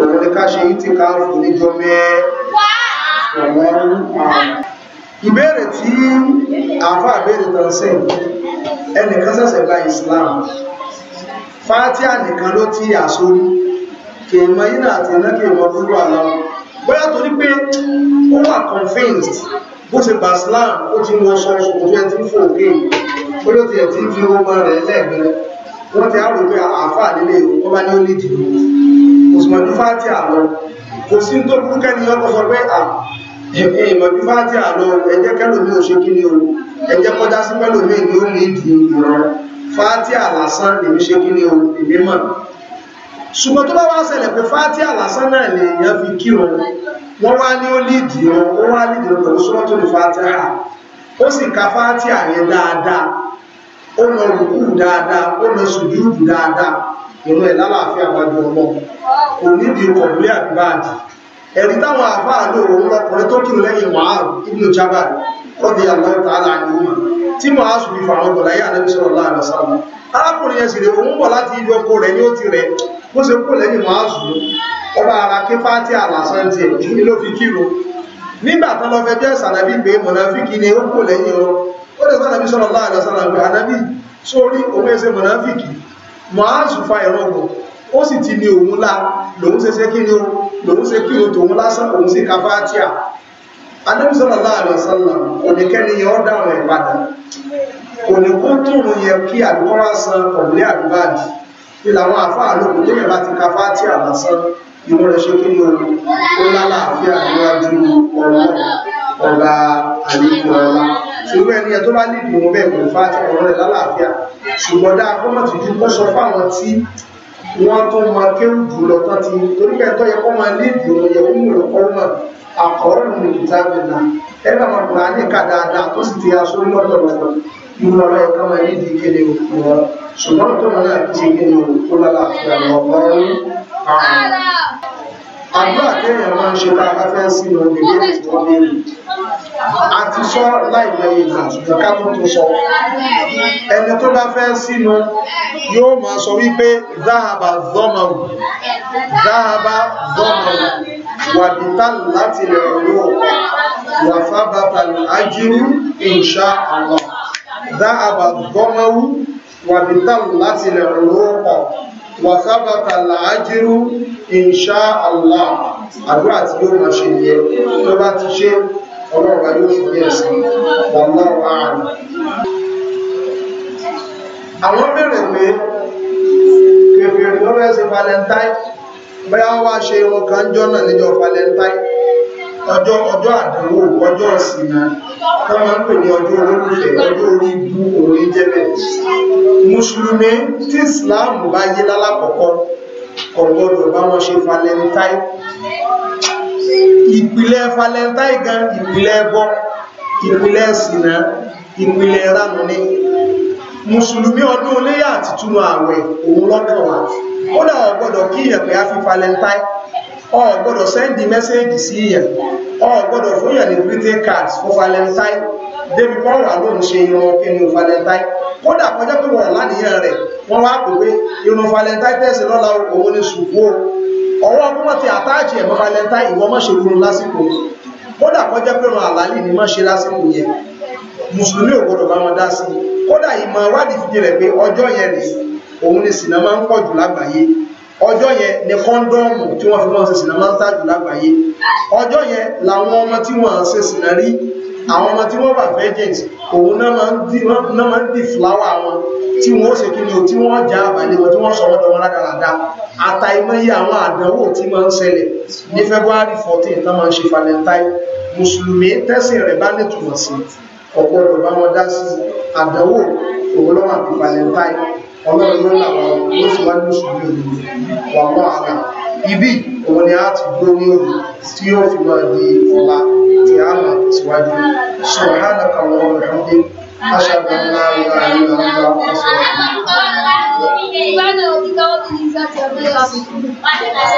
òun ni ká ṣe yìí ti ká fún níjọ mẹ́ẹ́ ọ̀wọ́n ìbéèrè tí àfáà béèrè tán sẹ́yìn ẹnìkan ṣẹ̀ṣẹ̀ gba Islam Fátíà nìkan ló ti àsórí kèèmọ̀ yìí náà àti iná kèèmọ̀ gbogbo àlọ́ bóyá torí pé ó wà convinced bó ṣe gbà Islam ó ti wọ ṣọ́ọ̀ṣù ojú ẹ ti ń fò òkè ó ló ti ẹ̀ ti ń fi ọmọ rẹ̀ lẹ́ẹ̀mẹ́rẹ́ wọ́n ti àrò pé àáfà nílé wọ́n bá ní ó nídìí lóru òsùmọ̀dún fáti àlọ́ kò sí tó burú kẹ́ni ọkọ̀ sọ pé à ìmọ̀dún fáti àlọ́ ẹ̀jẹ̀ kẹ́lòmí ò ṣe kí ni o ẹ̀jẹ̀ kọjá sí pẹ́lòmí ni ó nídìí ìrọ̀ fáti àlásán èmi ṣe kí ni o èmi mọ̀ ṣùgbọ́n tó bá wá ṣẹlẹ̀ pé fátí àlásán náà lè yàn fi kí wọn wọ́n wá ní ó lídìí wọn ó wá lídìí wọn pẹ̀lú sọ́wọ́n tó lè fátí hà ó sì ka fátí àyẹn dáadáa ó lọ rùkú dáadáa ó lọ sùjúùdù dáadáa ìrún ẹ̀ lálàáfíà wájú ọmọ kò nídìí kọ̀ọ̀lé àdúbàdì ẹ̀rí táwọn àfáà lò òun lọkùnrin tó kìrò lẹ́yìn wàhálù ibùdó jábà rọ́bì àlọ́ta aláàdúgbò tí mo á sùn fi fà àwọn ọ̀dọ̀ láyé àdébísọ̀rọ̀ láàrín sáà arákùnrin yẹn sì rè òun bọ̀ láti ibi ọkọ rẹ̀ ní ó ti rẹ̀ bó ṣe kó lẹ́yìn wọn á zùú ọba ara kí fáti àlàsán tiẹ̀ jù ní ló fi kírun nígbà tán lọ fẹ́ jẹ́ sànàbí pé mọ̀nàfíkì ni ó kó lẹ́yìn wọn ó lè sànàbí sọ̀rọ̀ láàrín sànàbí ànàbí sórí òun ẹsẹ̀ mọ̀nàfíkì mọ̀áàzù fa ẹ̀rọ ọ̀gbọ̀n ó sì ti ní òun lá lòun ṣe ṣe kí ni ó lòun ṣe kí o tòun lásán òun sì ka fátíà ànàbí sọ̀rọ̀ láàrín sànà òníkẹ́ni yẹn ó dáhùn ẹ̀ padà òní kó tóun yẹ kí àdúgbò wá san ọ̀gbìn àdúgbò àdì ní làwọn àfáà lókun tó yẹ̀bá ti ka fáti àlásán ìwọ́n rẹ̀ ṣe kí ni ohun tó lálàáfíà níwájú ọ̀rọ̀ ọba àlejò ọlá ṣùgbọ́n ẹni tó bá nídìí wọn bẹ́ẹ̀ kò fáti ọ̀rọ̀ rẹ̀ lálàáfíà ṣùgbọ́n dáa kó mọ̀ tìjú kó sọ fáwọn tí wọ́n tó máa kéwù jù lọ tán ti torí pé ẹ̀tọ́ yẹ kó máa nídìí wọn yẹ wúwo lọ kọ́ mọ̀ àkọ́rọ̀ nìkìtà bìnnà ẹ bá wọn kùnà ní kà dáadáa tó sì ti aṣọ irú ọlọ́ọ̀kan máa ní ìdí kéde òkú wọn ṣùgbọ́n tó wọn náà ti kéde òkú lálàáfíà lọ́wọ́rú àrùn. àdúrà kéèyàn máa ń ṣe bá a fẹ́ sí lọ ní ilé ìtọ́ léèrè a ti sọ láìpẹ́ ìgbà ṣùgbọ́n ká tó tó sọ ẹni tó bá fẹ́ sínú yóò máa sọ wípé dáhàbà zọ́mọ̀rù dáhàbà zọ́mọ̀rù wàbítà láti rẹ̀ lóò wàfábàtà ájírú insha Allah dáhàbà dọ́mọ́wú wàbítàlù láti lè rọ́pọ̀ wàsábàtà làájírú inṣá Allah àdúrà tí yóò máa ṣe yẹ tó bá ti ṣe ọlọ́ọ̀bá yóò fi yẹ sí wàlọ́ọ̀ ààrùn àwọn bèèrè pé kèfèrè lọ́rẹ́ sí valentine bẹ́ẹ̀ wá ṣe irun jọ́nà níjọ́ valentine ọjọ́ ọjọ́ àdánwò ọjọ́ ìsinmi tó máa ń pè ní ọjọ́ olólùfẹ́ ọjọ́ orí ibú orí jẹ́bẹ̀ mùsùlùmí tí ìsìláàmù bá yé lálákọ̀ọ́kọ́ kò gbọdọ̀ bá wọn ṣe falẹ́ntáì ìpìlẹ̀ falẹ́ntáì gan ìpìlẹ̀ ẹbọ ìpìlẹ̀ ìsìnà ìpìlẹ̀ ránú ní mùsùlùmí ọdún iléyá àti túnú ààwẹ̀ òun lọ́kàn wá ó dà ọ̀gbọ́dọ̀ kí ìyẹ̀pẹ̀ á fi falẹ́ntáì ọ gbọ́dọ̀ sẹ́ndì mẹ́sẹ́ẹ̀jì sí yẹn ọ gbọ́dọ̀ fún yẹn ní greeting cards fún valentine débi wọ́n wà lóun ṣe irun kínní valentine kódà kọjá pé wọ́n lánìyàn rẹ̀ wọ́n wá pè pé irun valentine tẹ̀sí lọ́la owó ní ṣùgbọ́ ọwọ́ ọdún wọn ti àtáàjì ẹ̀mọ́ valentine ìwọ́n mọ̀ ṣe irun lásìkò kódà kọjá pé wọn àlálì ni mọ̀ ṣe lásìkò yẹn mùsùlùmí ò gbọ́dọ̀ bá wọn dá sí kódà ìmọ̀ wádìí fi jẹ́ rẹ̀ pé ọjọ́ yẹn rèé òun ni sinimá ń pọ̀ jù lágbàáyé ọjọ́ yẹn ni kọ́ndọ́ọ̀mù tí wọ́n fi wọ́n ṣe sìnà máa ń tàjù lágbàáyé ọjọ́ yẹn làwọn ọmọ tí wọ́n ṣe sìnà rí àwọn ọmọ tí wọ́n wà virgins òun náà máa ń dì fúláwà wọn tí wọ́n ṣe kí ni o tí wọ́n já àbálẹ̀ wọn tí wọ́n sọ wọ́n dọ̀wọ́n rádaràda àtàìmọ́yé àwọn àdánwò tí máa ń ṣẹlẹ̀ ní February fourteen, náà máa ń ṣe Valentine mùsùlùmí tẹ́sìn rẹ̀ bá nítumọ̀ sí ọ̀pọ̀ ọ̀dọ̀ bá wọn dá sí àdánwò òun lọ́wọ́ àti Valentine ọlọ́run ló làwọn sì wá ní òṣèlú òní wà mọ́ àgbà ibi òun ni a ti gbó ní òní tí yóò fi máa di ọ̀la tí a máa tẹ̀síwájú sọ̀rọ̀hánà kàwọn ọ̀rọ̀ ọ̀dẹ́ aṣáájú ńlá ńlá ńlá ńlá ọ̀sẹ̀ ọ̀dẹ́.